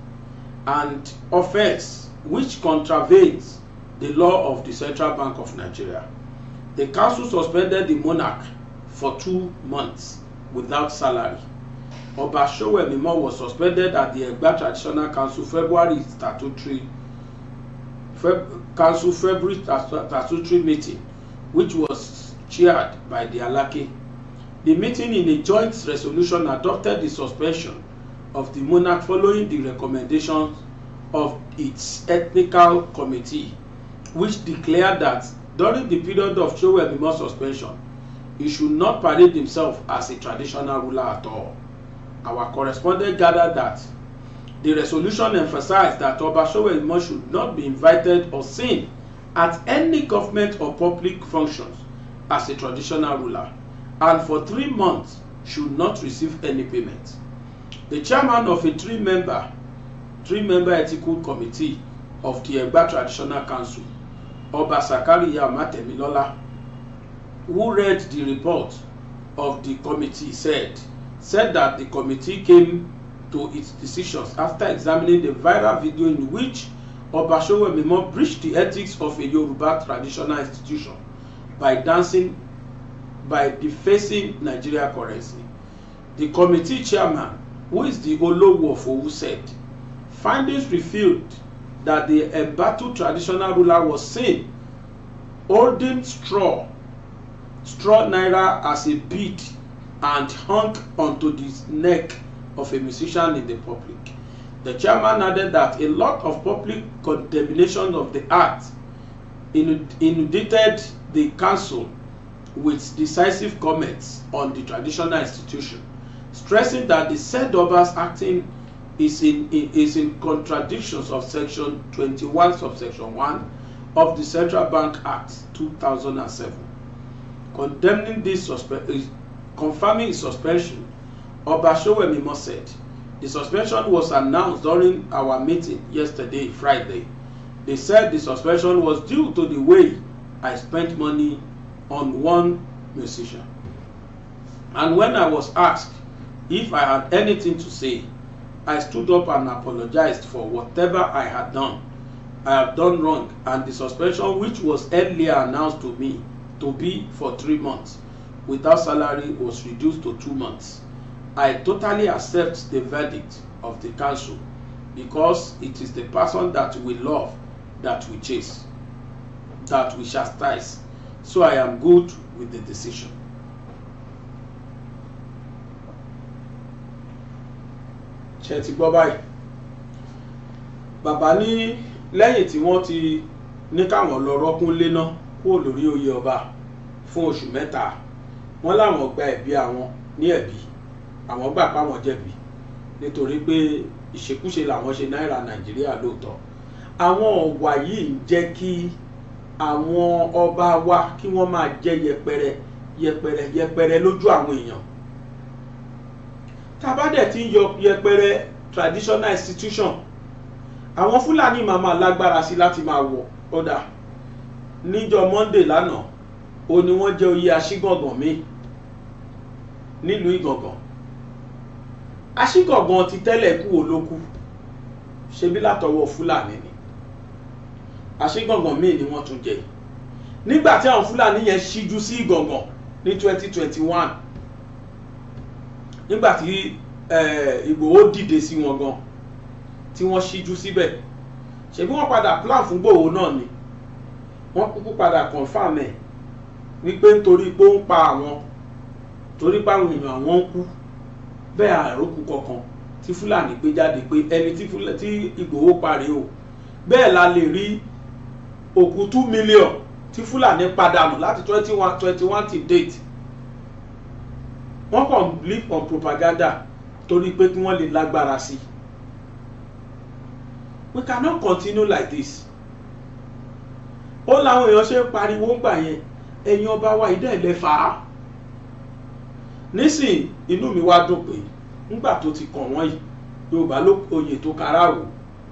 B: and offence, which contravenes the law of the Central Bank of Nigeria. The council suspended the monarch for two months without salary. Oba Mimo was suspended at the Egba Traditional Council February statutory Feb Council February statutory meeting, which was chaired by the Alake. The meeting in a joint resolution adopted the suspension of the monarch following the recommendations of its ethical committee which declared that during the period of Trowel suspension, he should not parade himself as a traditional ruler at all. Our correspondent gathered that the resolution emphasized that Oba Trowel should not be invited or seen at any government or public functions as a traditional ruler and for three months should not receive any payment. The chairman of a three-member three-member ethical committee of the Egba Traditional Council Oba Sakarya Matemilola, who read the report of the committee, said, said that the committee came to its decisions after examining the viral video in which Oba Sowemimo breached the ethics of a Yoruba traditional institution by dancing by defacing Nigeria currency. The committee chairman, who is the Olowo of said, findings revealed that the embattled traditional ruler was seen holding straw straw naira as a bead and hung onto the neck of a musician in the public. The chairman added that a lot of public condemnation of the act inundated the council with decisive comments on the traditional institution, stressing that the said Obas acting is in, is in contradictions of section 21 subsection 1 of the Central Bank Act 2007 condemning this suspension confirming his suspension Oba Sowemi Moset the suspension was announced during our meeting yesterday Friday they said the suspension was due to the way I spent money on one musician and when I was asked if I had anything to say I stood up and apologized for whatever I had done. I have done wrong, and the suspension, which was earlier announced to me to be for three months without salary, was reduced to two months. I totally accept the verdict of the council because it is the person that we love that we chase, that we chastise. So I am good with the decision. ṣe ti gbọ́ báyìí bàbá ní lẹ́yìn tí wọ́n ti ní káwọn lọ rọ́kún léná kúrò lórí oyè ọba fún oṣù mẹ́ta wọ́n láwọn gba ẹ̀bi àwọn ní ẹ̀bi àwọn gbà páwọn jẹ̀bi nítorí pé ìṣekúṣe làwọn ṣe náírà nàìjíríà lóòótọ́ àwọn ọ̀wà yìí ń jẹ́ kí àwọn ọba wa kí wọ́n máa jẹ́ yẹpẹrẹ yẹpẹrẹ yẹpẹrẹ lójú àwọn èèyàn tabadẹ̀ ti ń yẹpẹrẹ traditional institution àwọn fúlàní màmá lágbára sí láti máa wọ ọ̀dà níjọ monday lánàá O ní wọ́n jẹ́ oyè aṣígàngàn mi nílùú ìgàngàn aṣígàngàn ti tẹ́lẹ̀ kú olókù ṣebí látọwọ́ fúlàní ni aṣígàngàn míì ni wọ́n tún jẹ nígbà tí àwọn fúlàní yẹn ṣíjú sí ìgàngàn ní twenty twenty one nígbà tí Ìgbòho dìde sí wọn gan tí wọ́n ṣíjú síbẹ̀ ṣebí wọ́n padà plan fún Ìgbòho náà ni wọ́n kúkú padà confam ẹ̀ wípé nítorí pé ó ń pa àwọn torí páwọn èèyàn àwọn ń kú bẹ́ẹ̀ àrókù kankan tí Fúlàní gbé jáde pé ẹni tí Ìgbòho parí o bẹ́ẹ̀ la lè rí òkú two million tí Fúlàní padànù láti twenty one twenty one till date wọ́n kàn live on propaganda torí pé kí wọ́n lè lágbára sí i we cannot continue like this ó làwọn èèyàn ṣe ń pariwo ń gbà yẹn ẹ̀yin ọba wa ìdá ilẹ̀ fà á nísìn inú mi wá dùn pé ńgbà tó ti kàn wọ́n yìí yorùbá ló oyè tó kára wò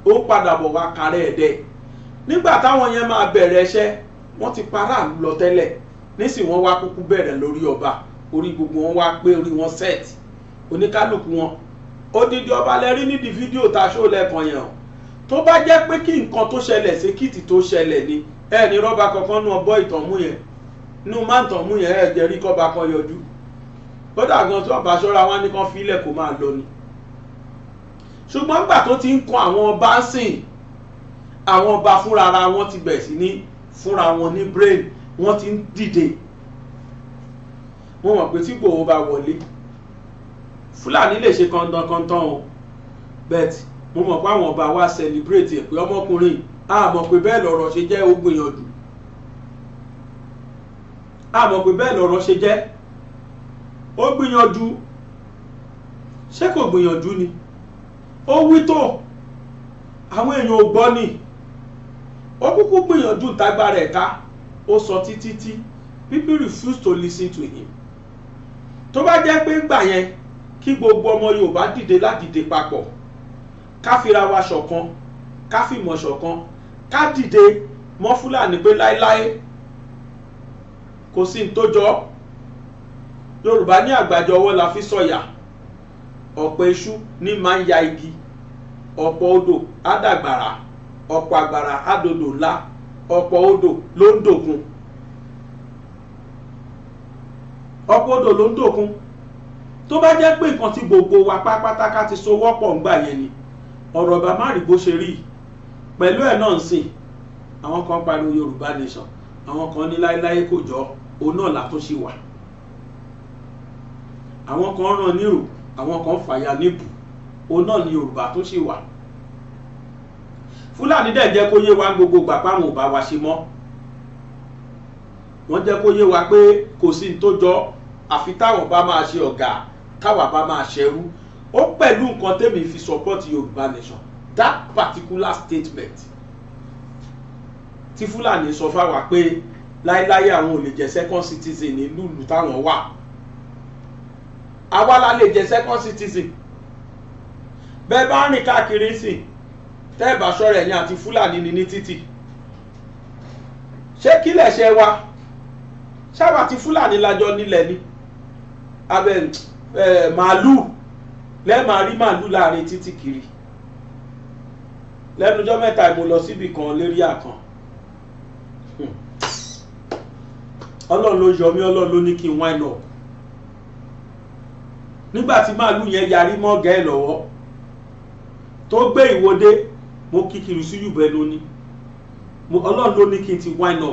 B: ó padà bọ̀ wá kárẹ́ ẹ̀ dẹ́ nígbà táwọn yẹn máa bẹ̀rẹ̀ iṣẹ́ wọ́n ti para àlù lọ tẹ́lẹ̀ nísìn wọ́n wá kúkú bẹ̀rẹ̀ lórí ọba orí gbogbo wọn wá pé orí wọn set oníkálukú wọn odidi ọba lẹ́rí nídìí fídíò tá a ṣó lẹ́ẹ̀kan yẹn o tó bá jẹ́ pé kí nǹkan tó ṣẹlẹ̀ ṣèkìtì tó ṣẹlẹ̀ ni ẹ ní rọ́bà kankan nú ọbọ̀ ìtọ̀mú yẹn nú máǹtọ̀mú yẹn ẹ jẹ́ rí kọ́ba kan yọjú ó dàgbọ́n tí ọba ṣọ́ra wọn ní kan fílẹ̀ kó máa lọ ni ṣùgbọ́n nígbà tó ti ń kan àwọn ọba sìn àwọn ọba fúnra ara wọn ti bẹ̀ sí ní fúnra wọn ní brain wọ́n ti ń dìde wọ́n mọ̀ pé tí Ìgbòho bá wọlé Fúlàní lè ṣe kọ́ńtọ́ńtọ́n o bet mo mọ̀ pé àwọn ọba wa celebrate ẹ̀ pé ọmọkùnrin a mọ̀ pé bẹ́ẹ̀ lọ̀rọ̀ ṣe jẹ́ ó gbìyànjú a pé bẹ́ẹ̀ lọ̀rọ̀ ṣe jẹ́ ó gbìyànjú ṣé kò gbìyànjú ni ó wí tó àwọn èèyàn ò gbọ́ ni ó kúkú gbìyànjú tágbára ẹ̀ka ó sọ títí tí people refuse to listen to him tó bá jẹ́ pé gbà yẹn kí gbogbo ọmọ Yorùbá dìde láti dìde papọ̀ ká fira wa ṣọ̀kan ká fìmọ̀ ṣọ̀kan ká dìde mọ́ Fúlàní pé láéláé kò sí ní tó jọ Yorùbá ní àgbàjọ ọwọ́ la fi sọ̀yà ọ̀pọ̀ iṣu ní máa ń ya igi ọ̀pọ̀ odò á dàgbàrà ọ̀pọ̀ àgbàrà á dodò ńlá ọ̀pọ̀ odò ló ń dòkun ọ̀pọ̀ odò ló ń dòkun tó bá jẹ́ pé nǹkan tí gbogbo wa pátápátá ká ti so wọ́pọ̀ ń yẹn ni ọ̀rọ̀ bá má rí bó ṣe rí pẹ̀lú ẹ̀ náà ń sìn àwọn kan pariwo Yorùbá nation àwọn kan ní láéláé kò jọ òun náà látúnṣe wà àwọn kan ràn nírò àwọn kan fàyà níbù òun náà ni Yorùbá tó wà Fúlàní dẹ̀ jẹ́ kó yé wa gbogbo gbà páwọn ò bá wa ṣe mọ́ wọ́n jẹ́ kó yé wa pé kò sí ní tó jọ àfi táwọn bá máa ṣe ọ̀gá táwọn bá máa ṣẹrú ó pẹ̀lú nǹkan tẹ́mi fi support Yorùbá nation that particular statement tí Fúlàní sọ fáwa pé láéláé àwọn ò lè jẹ́ second citizen nílùú ìlú táwọn wà àwa la lè jẹ́ second citizen bẹ́ẹ̀ bá rìn káàkiri sí tẹ́ẹ̀bà sọ̀rọ̀ ẹ̀yìn àti Fúlàní ní ní títì ṣé kílẹ̀ ṣe wa ṣáwà tí fúlàní lájọ nílẹ̀ ni abẹ màálù lẹ́ẹ̀mà rí màálù láàrin títí kiri lẹ́nujọ́ mẹ́ta mo lọ síbi kan lérí àkàn ọlọ́run ló yọ mí ọlọ́run ló ní kí n wáìnà nígbà tí màálù yẹn yarí mọ́ ọ̀gá ẹ̀ lọ́wọ́ tó gbé ìwọ́dé mo kíkiri sí yùbẹ́ lóní ọlọ́run ló ní kí n ti wáìnà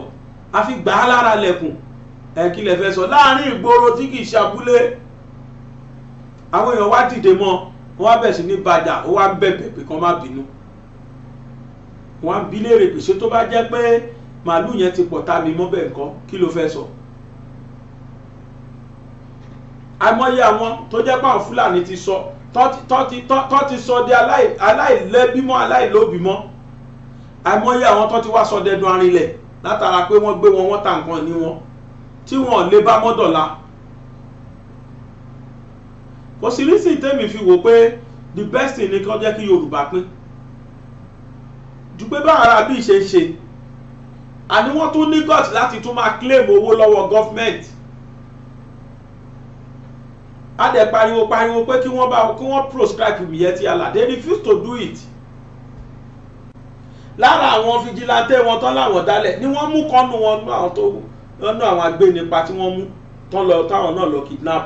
B: àfi gbà lára lẹ́kùn ẹ̀kí lè fẹ́ sọ láàrin ìgboro tí kìí ṣàbúlé àwọn èèyàn wá dìde mọ́ wọ́n wá bẹ̀ sí ní bàjá ó wá bẹ̀bẹ̀ pé kán má bínú wọ́n á bí léèrè pèsè tó bá jẹ́ pé màálù yẹn ti pọ̀ tàbí mọ́ bẹ́ẹ̀ nǹkan kí ló fẹ́ sọ. àìmọye àwọn tó jẹ́ pàwọn fúlàní ti sọ tó ti sọ di aláìlẹ́bímọ́ aláìlóbímọ́ àìmọye àwọn tó ti wá sọ dẹdun arinlẹ̀ látara pé wọ́n gbé wọn wọ́n ta nǹkan ní wọn tí wọ́n lè bá mọ́dọ̀la kò sí rísì tèmi fi wò pé the best thing ni kó jẹ́ kí Yorùbá pín ju pé báwọn ará bíi ṣe ń ṣe àní wọ́n tún ní gọ́ọ̀tì láti tún máa claim owó lọ́wọ́ government a dẹ̀ pariwo pariwo pé kí wọ́n bá kí wọ́n proscribe ìyẹn ti àlà they refuse to do it lára àwọn fijilantẹ́ wọn tán láwọn dálẹ̀ ni wọ́n mú kọ́nu wọn nú àwọn tó lọ́nà àwọn agbénipa tí wọ́n mú tán lọ táwọn náà lọ kidnap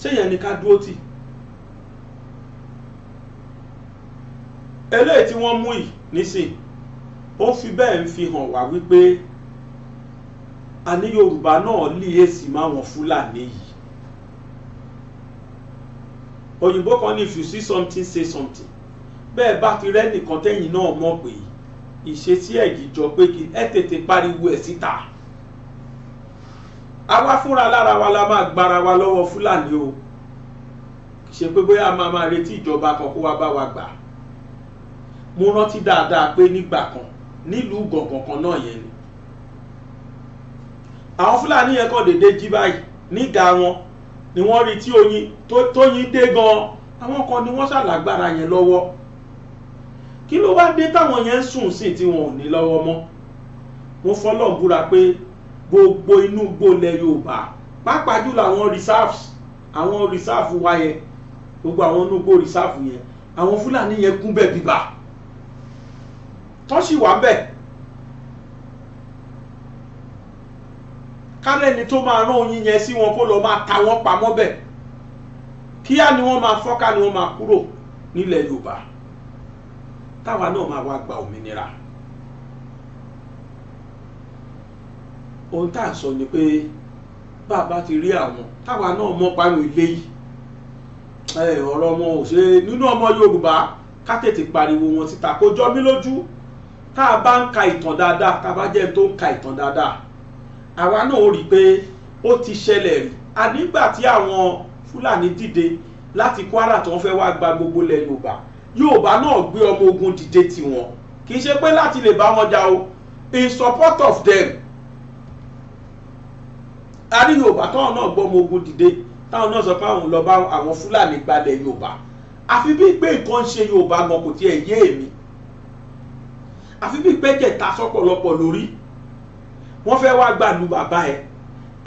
B: ṣéyẹn ni ká dúró tì eléyìí tí wọ́n mú yìí nísìn ó fi bẹ́ẹ̀ ń fi hàn wá wípé a ní Yorùbá náà líyèsí máwọn Fúlàní yìí òyìnbó kan ní if you see something say something bẹ́ẹ̀ bá ti rẹ́ nìkan tẹ́yìn náà mọ̀ pé yìí ìṣesí ẹ̀yìn jọ pé kí ẹ tètè pariwo ẹ̀ síta àwa fúnra lára wa la máa gbára wa lọ́wọ́ fúlàní o kì í ṣe pé bóyá a máa máa retí ìjọba kan kó wá bá wa gbà mo rántí dáadáa pé nígbà kan nílùú gàngàn kan náà yẹn ni àwọn fúlàní yẹn kàn déédé jí báyìí nígà wọn ni wọ́n rí tí oyin tó tóyin dé gan-an àwọn kan ni wọ́n ṣàlágbára yẹn lọ́wọ́ kí ló wá dé táwọn yẹn ń sùn sí tí wọn ò ní lọ́wọ́ mọ́ mo fọlọ́n búra pé gbogbo inú gbólẹ̀ Yorùbá pàápàá jùlọ àwọn reserves àwọn reserve wa yẹn gbogbo àwọn onúgbò reserve yẹn àwọn Fúlàní yẹn kún bẹ́ẹ̀ bíbà tọ́sí wà bẹ́ẹ̀ kárẹ́ni tó máa rán oyin yẹn sí wọn kó lọ máa ta wọ́n pamọ́ bẹ́ẹ̀ kíá ni wọ́n máa fọ́ká ni wọ́n máa kúrò nílẹ̀ Yorùbá táwa náà máa wá gba òmìnira ohun tá à ń sọ ni pé bá a bá ti rí àwọn táwa náà mọ panu ilé yìí ọ̀rọ̀ ọmọ ò ṣe nínú ọmọ Yorùbá ká tètè pariwo wọn síta kó jọ mí lójú tá a bá ń ka ìtàn dáadáa tá a bá jẹ́ tó ń ka ìtàn dáadáa àwa náà rí i pé ó ti ṣẹlẹ̀ rí a nígbà tí àwọn Fúlàní dìde láti Kwara tó ń fẹ́ wá gba gbogbo ilẹ̀ Yorùbá yorùbá náà gbé ọmọ ogun dìde tiwọn kì í ṣe pé láti lè bá wọn jà o in support of them a rí yorùbá táwọn náà gbọ́ ọmọ ogun dìde táwọn náà sọ pé àwọn lọ bá àwọn fúlàní gbalẹ̀ yorùbá àfi bíi pé nǹkan ń ṣe yorùbá gan kò tiẹ̀ yé èmi àfi bíi pé jẹ̀ta sọ́pọ̀lọpọ̀ lórí wọ́n fẹ́ wá gbàlú bàbá ẹ̀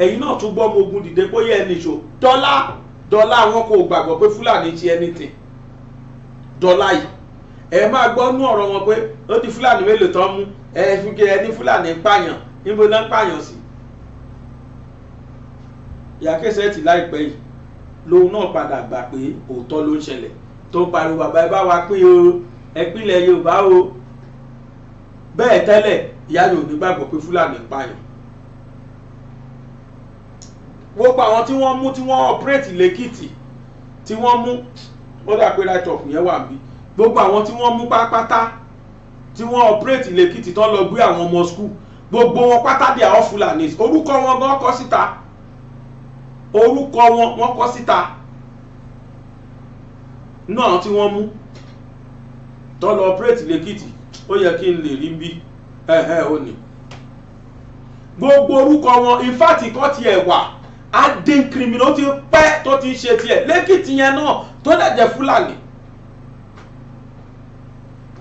B: ẹ̀yin náà tún gbọ́ ọmọ ogun dìde bóyá ẹni ṣò dọ́là dọ́là wọn kò gbàgbọ́ pé fúlàní ti anything dọ́là yìí ẹ máa gbọ́ nú ọ̀rọ̀ wọn pé ó di fúlàní mélòó tán mú ẹ fi kí ẹ ní fúlàní pààyàn níbo náà ń pààyàn sí. ìyá kẹsẹ̀tì láìpẹ́ yìí lòun náà padà gbà pé òótọ́ ló ń ṣẹlẹ̀ tó ń pariwo bàbá ẹ bá wa pín o ẹ pínlẹ̀ Yorùbá o bẹ́ẹ̀ tẹ́lẹ̀ ìyá yóò ní gbàgbọ́ pé fúlàní pààyàn gbogbo àwọn tí wọ́n mú tí wọ́n ọ̀pẹ́rẹ́tì lẹ́kìtì tí wọ́n mú ó dà pé right of yẹn wà bí gbogbo àwọn tí wọ́n mú pátápátá tí wọ́n operate lèkìtì tán lọ gbé àwọn ọmọ school gbogbo wọn pátá dé àwọn Fúlàní orúkọ wọn gan kọ síta orúkọ wọn wọn kọ síta náà tí wọ́n mú tán lọ operate lèkìtì ó yẹ kí n lè rí bí ẹ̀hẹ́ ò ní gbogbo orúkọ wọn ìfàtìkọ́ tiẹ̀ wà adé criminal ó ti pẹ́ tó ti ṣe tiẹ̀ lẹ́kìtì yẹn náà tó dẹ̀ jẹ́ fúlàní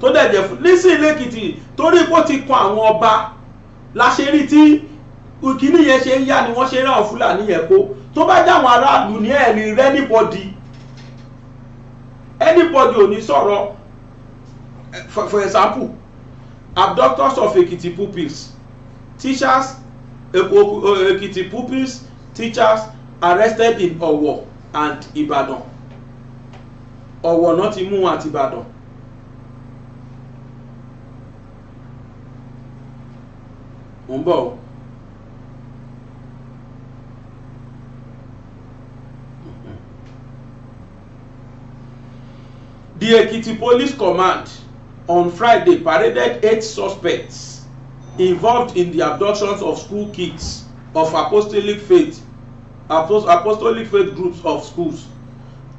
B: tó dẹ̀ jẹ́ fúlàní nísìn lẹ́kìtì torí pé ó ti kan àwọn ọba láṣẹ́rí tí ìkíní yẹn ṣe ń yá ni wọ́n ṣe ń ràn fúlàní yẹn kó tó bá jẹ́ àwọn aráàlú ní ẹ̀ẹ́lì rẹ́ níbọ̀dì anybody ò ní sọ̀rọ̀ eh, for, for example abductors of Ekiti pupils teachers Ekiti pupils teachers arrested in Owo and Ibadan ọ̀wọ̀ náà ti mú wọn àti Ìbàdàn mò ń bọ̀ o. The Ekiti Police Command on Friday paraded eight suspects involved in the abductions of school kids of apostolic faith apostolic faith groups of schools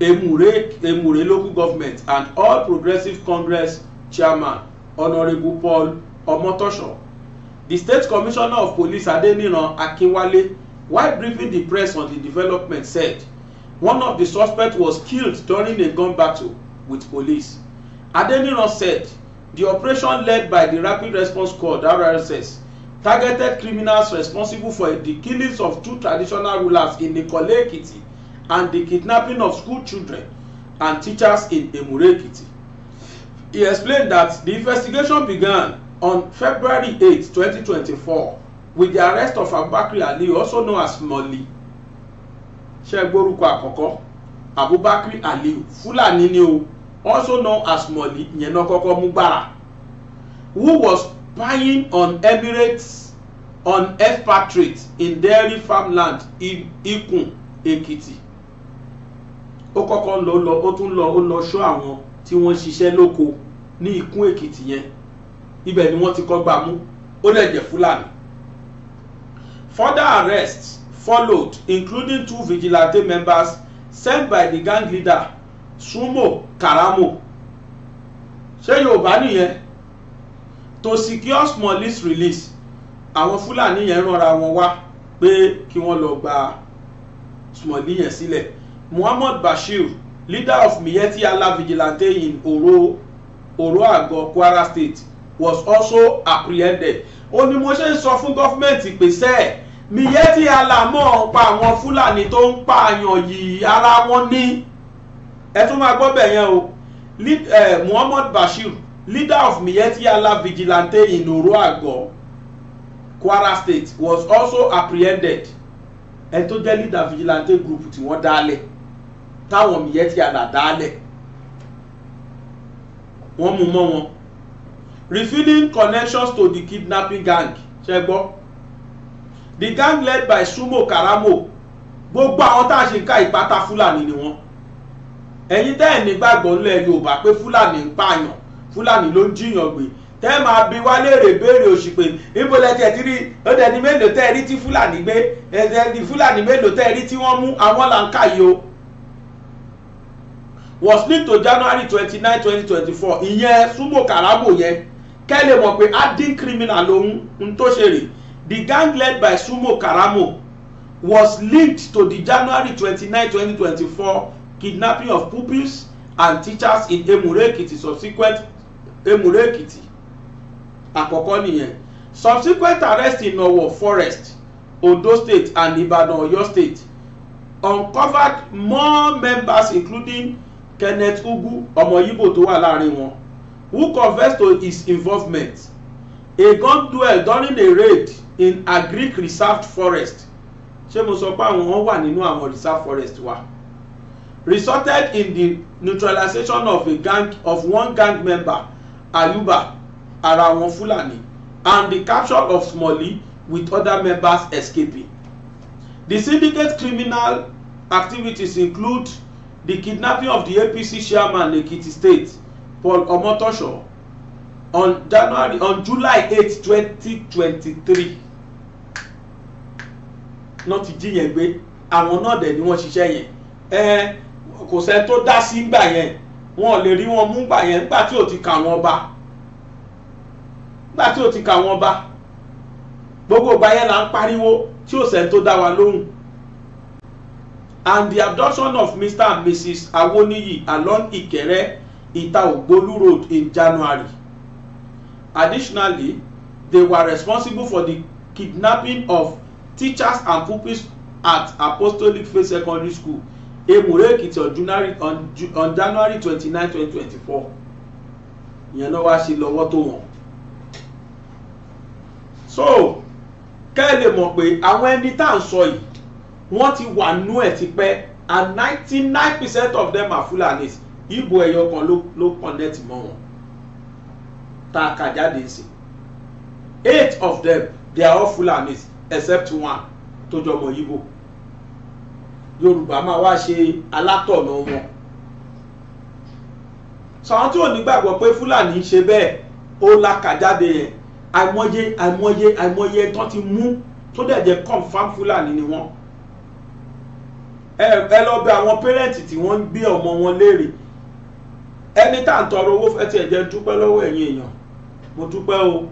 B: Emure Emure local government and all progressive congress chairman honourable Paul Omotosho the state commissioner of police Adeniran Akinwale while briefing the press on the development said one of the suspects was killed during a gun battle with police Adeniran said the operation led by the Rapid Response Squad RRSS targeted criminals responsible for the killings of two traditional rulers in Ikole Ekiti and the kidnapping of school children and teachers in Emurekiti. He explained that the investigation began on February 8, 2024 with the arrest of Abubakar Ali also known as Molly ṣẹ́gbórúkọ àkọ́kọ́ Abubakar Ali Fulani ni o also known as Molly yẹn náà who was spying on Emirates on expatriates in dairy farmland in Ikun Ekiti ó kọ́kọ́ lọ lọ ó tún lọ ó lọ ṣọ́ àwọn tí wọ́n ń ṣiṣẹ́ lóko ní ìkún èkìtì yẹn ibẹ̀ ni wọ́n ti kọ́ gbà mú ó lè jẹ́ fúlàní. further arrests followed including two vigilante members sent by the gang leader Sumo Karamo ṣé Yorùbá nìyẹn to secure Smalley's release àwọn fúlàní yẹn rànra wọn wá pé kí wọ́n lọ gba Smalley yẹn sílẹ̀. Si Muhammad Bashir leader of Miyetti Allah Vigilante in Oro Oroago Kwara State was also apprehended ó ní mo ṣe ń sọ fún gọ́fúmẹ̀ntì pé sẹ́ẹ̀ Miyetti Allah mọ̀ ń pa àwọn Fúlàní tó ń pààyàn yìí ara wọn ní ẹ tún máa gbọ́ bẹ̀ yẹn o Muhammad Bashir leader of Miyetti Allah Vigilante in Oroago Kwara State was also apprehended ẹ tó jẹ́ leader vigilante group tí wọ́n dálẹ̀ táwọn mìíyẹ́ ti àdà dálẹ̀ wọ́n mú mọ́ wọn revealing connections to the kidnapping gang ṣe gbọ́ the gang led by Sumo Karamo gbogbo àwọn tá a ṣe ká ìpátá Fúlàní ni wọ́n ẹ̀yin tẹ́ ẹ̀ nígbàgbọ́ ńlẹ̀ Yorùbá pé Fúlàní ń pààyàn Fúlàní ló ń jiyàn gbé tẹ́ máa bi wá léèrè béèrè òṣìpè níbo lẹ́jẹ̀ tí rí ó dẹ̀ ní mélòó tẹ́ rí tí Fúlàní gbé ẹ̀ẹ́dẹ̀ ní Fúlàní mélòó tẹ́ rí tí wọ́n mú àwọn là ń kà yìí o was linked to January twenty nine twenty twenty four ìyẹn sumo karabo yẹn kẹ́lẹ̀ mọ̀ pé adding criminal lòun ń tó ṣe rè the gang led by sumo karamo was linked to the January twenty nine twenty twenty four kidnapping of pupils and teachers in Emure Ekiti subsequent Emure Ekiti àkọ́kọ́ nìyẹn subsequent arrest in Owo Forest Odo State and Ibadan Oyo State uncovered more members including Kenneth Ugu ọmọ Yíbò tó wà láàrin wọn who confessed to his involvement a gun duel during a raid in agric reserved forest ṣé mo sọ pé àwọn wà nínú àwọn reserve forest wa resulted in the neutralization of a gang of one gang member Ayuba ara wọn Fulani and the capture of Smally with other members escaping the syndicate criminal activities include the kidnapping of the APC chairman Lekki State Paul Omotosho on January on July 8 2023 náà ti jí yẹn gbé àwọn náà dẹ̀ ni wọ́n ṣiṣẹ́ yẹn ẹ kò sẹ́ni tó dá sí gbà yẹn wọn ò lè rí wọn mú gbà yẹn nígbà tí ò ti kà wọ́n ba nígbà tí ò ti kà wọ́n ba gbogbo ìgbà yẹn là ń pariwo tí ò sẹ́ni tó dá wa lóhùn and the abduction of Mr. and Mrs. Awoniyi along Ikere Itaogbolu Road in January. Additionally, they were responsible for the kidnapping of teachers and pupils at Apostolic Faith Secondary School, Emure Ekiti on January on, January twenty-nine twenty twenty-four. Ìyẹn náà wá sí lọ́wọ́ tó wọ̀n. So, kẹ́ ẹ lè mọ̀ pé àwọn ẹni tá à ń sọ yìí wọ́n ti wà nú ẹ̀ tipẹ́ and ninety nine percent of them are Fulani Igbo ẹ̀yọ kan ló connect mọ́ wọn tá a kà jáde sí eight of them they are all Fulani except one tó jọmọ Igbo Yorùbá máa wá ṣe alátọ̀nà wọn sọ̀rọ̀ tí ò ní gbàgbọ́ pé Fúlàní ń ṣe bẹ́ẹ̀ ó làkàjáde yẹn àìmọye àìmọye àìmọye tán ti mú tó dẹ̀ jẹ́ confam Fúlàní ni wọ́n ẹ lọ bẹ àwọn pẹ́rẹ́ǹtì tí wọ́n ń gbé ọmọ wọn léèrè ẹni tá à ń tọrọ owó fẹ́ tiẹ̀ jẹ́ dúpẹ́ lọ́wọ́ ẹ̀yin èèyàn mo dúpẹ́ o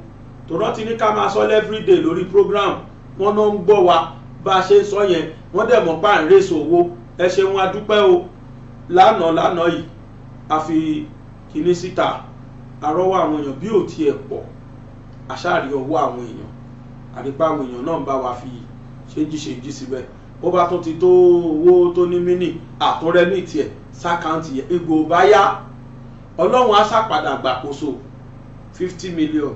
B: tòrọ́ ti ní ká máa sọ everyday lórí program wọn náà ń gbọ́ wa bá a ṣe ń sọ yẹn wọ́n dẹ̀ mọ̀ pa à ń rèso owó ẹ ṣeun a dúpẹ́ o lánàá lánàá yìí a fi kíní síta arọ́wọ́ àwọn èèyàn bí ò tiẹ̀ pọ̀ àṣàrí ọwọ́ àwọn èèyàn àdìpá àwọn èèyàn náà ń bá wa fi ṣéjì ṣéjì síbẹ̀ ó bá tún ti tó owó tó ní mínì àtúnrẹ́mì tiẹ̀ sákàǹtì yẹn egbò báyá ọlọ́run á sàpadà gbàkóso fifty million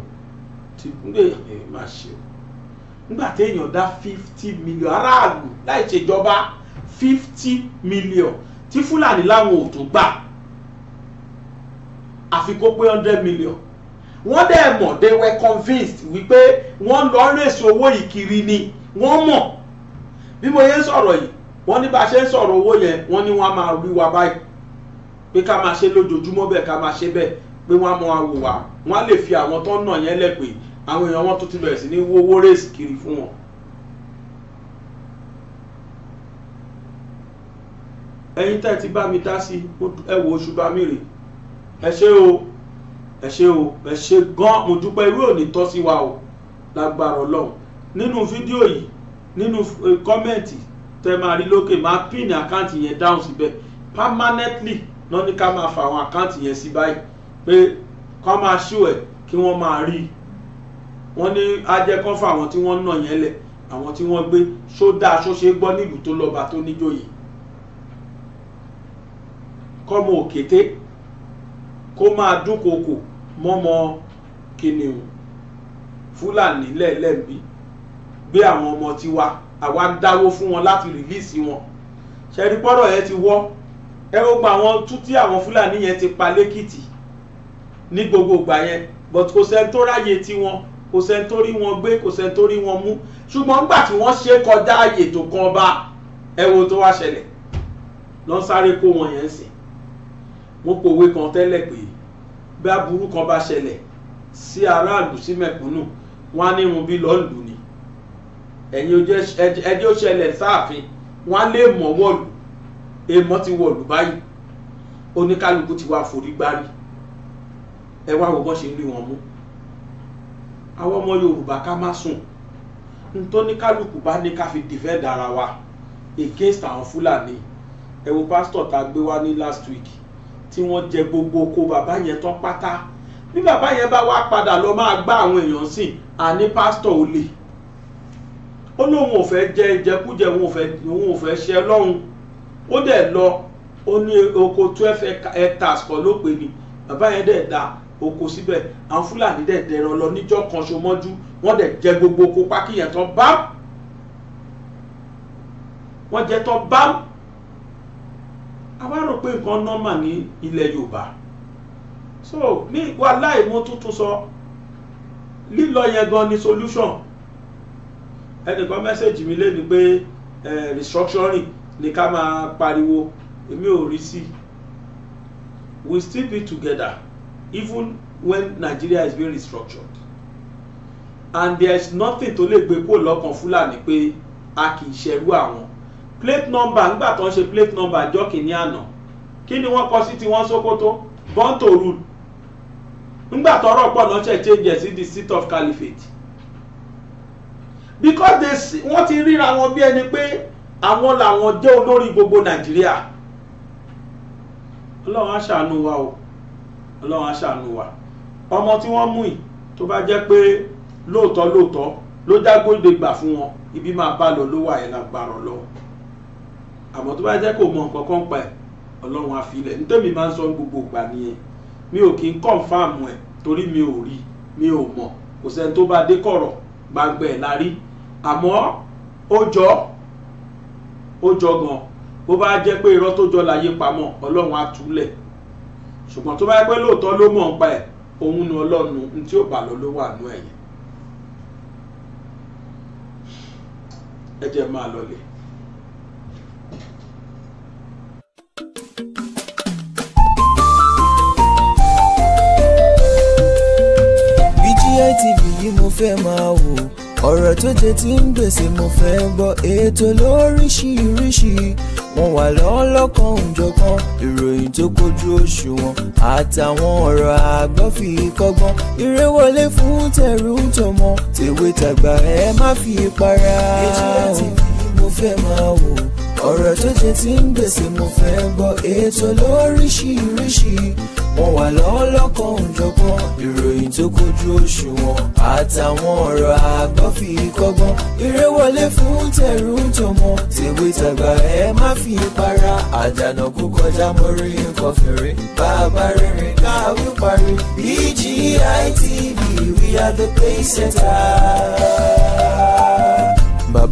B: ti gbé ẹ̀ má ṣe o nígbà téèyàn dá fifty million aráàlú láì ṣèjọba fifty million tí fúlàní láwọn ò tó gbà àfi kó pé hundred million wọ́n dẹ̀ mọ̀ they were convinced wípé wọ́n lọ rèsì owó ìkiri ni wọ́n mọ̀ bí mo yẹ ń sọ̀rọ̀ yìí wọ́n ní bá a ṣe ń sọ̀rọ̀ owó yẹn wọ́n ní wọ́n á máa wí wa báyìí pé ká máa ṣe lójoojúmọ́ bẹ́ẹ̀ ká máa ṣe bẹ́ẹ̀ pé wọ́n á mọ àwò wá wọ́n á lè fi àwọn tó ń nà yẹn lẹ̀ àwọn èèyàn wọn tó ti bẹ̀rẹ̀ sí ní wó owó rèsì kiri fún wọn. ẹ̀yin tẹ́ ti bá mi dá sí ẹ wo oṣù bá mi rè ẹ ṣé o ẹ ṣé o ẹ ṣé gan mo dúpẹ́ irú òní tọ́ sí wa o lágbára ọlọ́run nínú fídíò yìí nínú kọ́mẹ̀ntì eh, tẹ́ máa rí lókè máa pin àkáǹtì yẹn down síbẹ̀ permanently náà ní ká máa fa àwọn àkáǹtì yẹn sí báyìí pé ká máa ṣó ẹ̀ kí wọ́n máa rí i wọ́n ní ajẹ́kọ́ fún àwọn tí wọ́n ń nà yẹn lẹ̀ àwọn tí wọ́n gbé sódà sóṣe gbọ́ nílùú tó lọ́ba tó níjòyè kọ́mọ òkété kó máa dúnkokò mọ́mọ kìnìún fúlàní lẹ́ẹ̀lẹ́ẹ̀bí gbé àwọn ọmọ tiwa àwa ń dáwó fún wọn láti rìlíìsì wọn ṣẹ́ni pọ́rọ̀ yẹn ti wọ́ ẹ gbogbo àwọn tú tí àwọn fúlàní yẹn ti pa lẹ́kìtì ní gbogbo ìgbà yẹn but kò sẹ́ni tó ráyè tiwọn kò sẹ́ni tó rí wọn gbé kò sẹ́ni tó rí wọn mú ṣùgbọ́n nígbà tí wọ́n ṣe kọjá ààyè tó kan ọba ẹ wo tó wá ṣẹlẹ̀ lọ́n sáré kó wọn yẹn sìn mo pòwe kan tẹ́lẹ̀ pé bí aburú kan bá ṣẹlẹ̀ sí aráàlú sí mẹ̀kúnnù wọn á ní irun bí lọ́ọ̀lù ni ẹ̀yin ẹdí ó ṣẹlẹ̀ sáàfin wọn á lè mọ̀ wọ̀lù èèmọ̀ ti wọ̀lù báyìí oníkálukú ti wá forí gbárí ẹ wá wo bó ṣe ń rí wọn mú àwọn ọmọ Yorùbá ká má sùn ntóníkálukú bá ní ká fi dìfẹ́ dára wa against àwọn Fúlàní ẹ wo pásítọ̀ tá a gbé wá ní last week tí wọ́n jẹ gbogbo oko bàbá yẹn tán pátá bí bàbá yẹn bá wá padà lọ máa gbá àwọn èèyàn sìn àní pásítọ̀ olè ó lóun ò fẹ́ jẹ ìjẹkújẹ òun ò fẹ́ ṣe lọ́hùn ó dẹ̀ lọ ó ní oko twelve hectares kọ́ ló pè ní bàbá yẹn dẹ̀ dá oko síbẹ̀ àwọn fúlàní dẹ̀ dẹ̀rọ lọ níjọ́ kan ṣo mọ́jú wọ́n dẹ̀ jẹ gbogbo oko pákí yẹn tán bá wọ́n jẹ tán bá a wá rò pé nǹkan nọ́mà ní ilẹ̀ Yorùbá so ní wàhálà ìmọ̀ tuntun sọ lílọ yẹn gan ni solution ẹnìkan mẹ́sẹ̀jì mi lé ní pé restructuring ni ká máa pariwo èmi ò rí sí we still be together even when Nigeria is being restructured and there is nothing to lè gbé kúrò lọ́kàn Fúlàní pé a kì í ṣerú àwọn plate number nígbà tó ń ṣe plate number jọ́ kìíní àná kí ni wọ́n kọ sí tiwọn Sókótó born to rule nígbà tọ́rọ̀ pọ̀ náà ṣe change sí the seat of caliphate because they see wọ́n ti ríra wọn bí ẹni pé àwọn làwọn jẹ́ olórí gbogbo nàìjíríà ọlọ́run á ṣàánú wa o ọlọ́run á ṣàánú wa ọmọ tí wọ́n mú yìí tó bá jẹ́ pé lóòótọ́ lóòótọ́ ló dágbóde gbà fún wọn ibi máa bá lọ ló wà yẹn lágbára ọlọ́run àmọ́ tó bá jẹ́ kó mọ nǹkan kan pa ẹ̀ ọlọ́run á filẹ̀ nítorí máa ń sọ gbogbo ìgbà nìyẹn mi ò kí ń kọ́ǹfàmù ẹ̀ torí mi ò rí mi ò mọ̀ kò sẹ́ni tó bá dé kọ̀rọ̀ gbàgbẹ́ ẹ̀ la rí àmọ́ ó jọ ó jọ gan bó bá jẹ́ pé irọ́ tó jọ láyé pamọ́ ọlọ́run á túlẹ̀ ṣùgbọ́n tó bá yẹ pé lóòótọ́ ló mọ̀ ń ẹ̀ òun nu ọlọ́run ní tí ó bà lọ ló wà nú ẹ̀yìn ẹ jẹ́ máa lọlẹ̀.
A: BGI TV yìí mo fẹ́ máa wò ọ̀rọ̀ tó jẹ ti ń gbèsè mo fẹ́ gbọ́ ètò lóríṣiríṣi wọ́n wà lọ́lọ́kan òjọ̀kan ìròyìn tó kojú òṣùwọ̀n àtàwọn ọ̀rọ̀ àgbọ́ fi kọ́gbọ́n eré wọlé fún tẹ̀rù tọmọ tèwe tàgbà ẹ má fi para mo fẹ́ máa wò ọ̀rọ̀ tó jẹ ti ń gbèsè mo fẹ́ gbọ́ ètò lóríṣiríṣi wọ́n wà lọ́wọ́ lọ́kàn òjọ̀gbọ́n ìròyìn tó kojú òṣùwọ̀n àtàwọn ọ̀rọ̀ àgbọ́ fi kọ́gbọ́n eré wọlé fún tẹ̀rù tọmọ tèwe tàgbà ẹ má fi para àdànà kú kọjá mọ́rí nǹkan fèrè bàbá rìnrìn káwí parí BGI we are the pace
C: setter.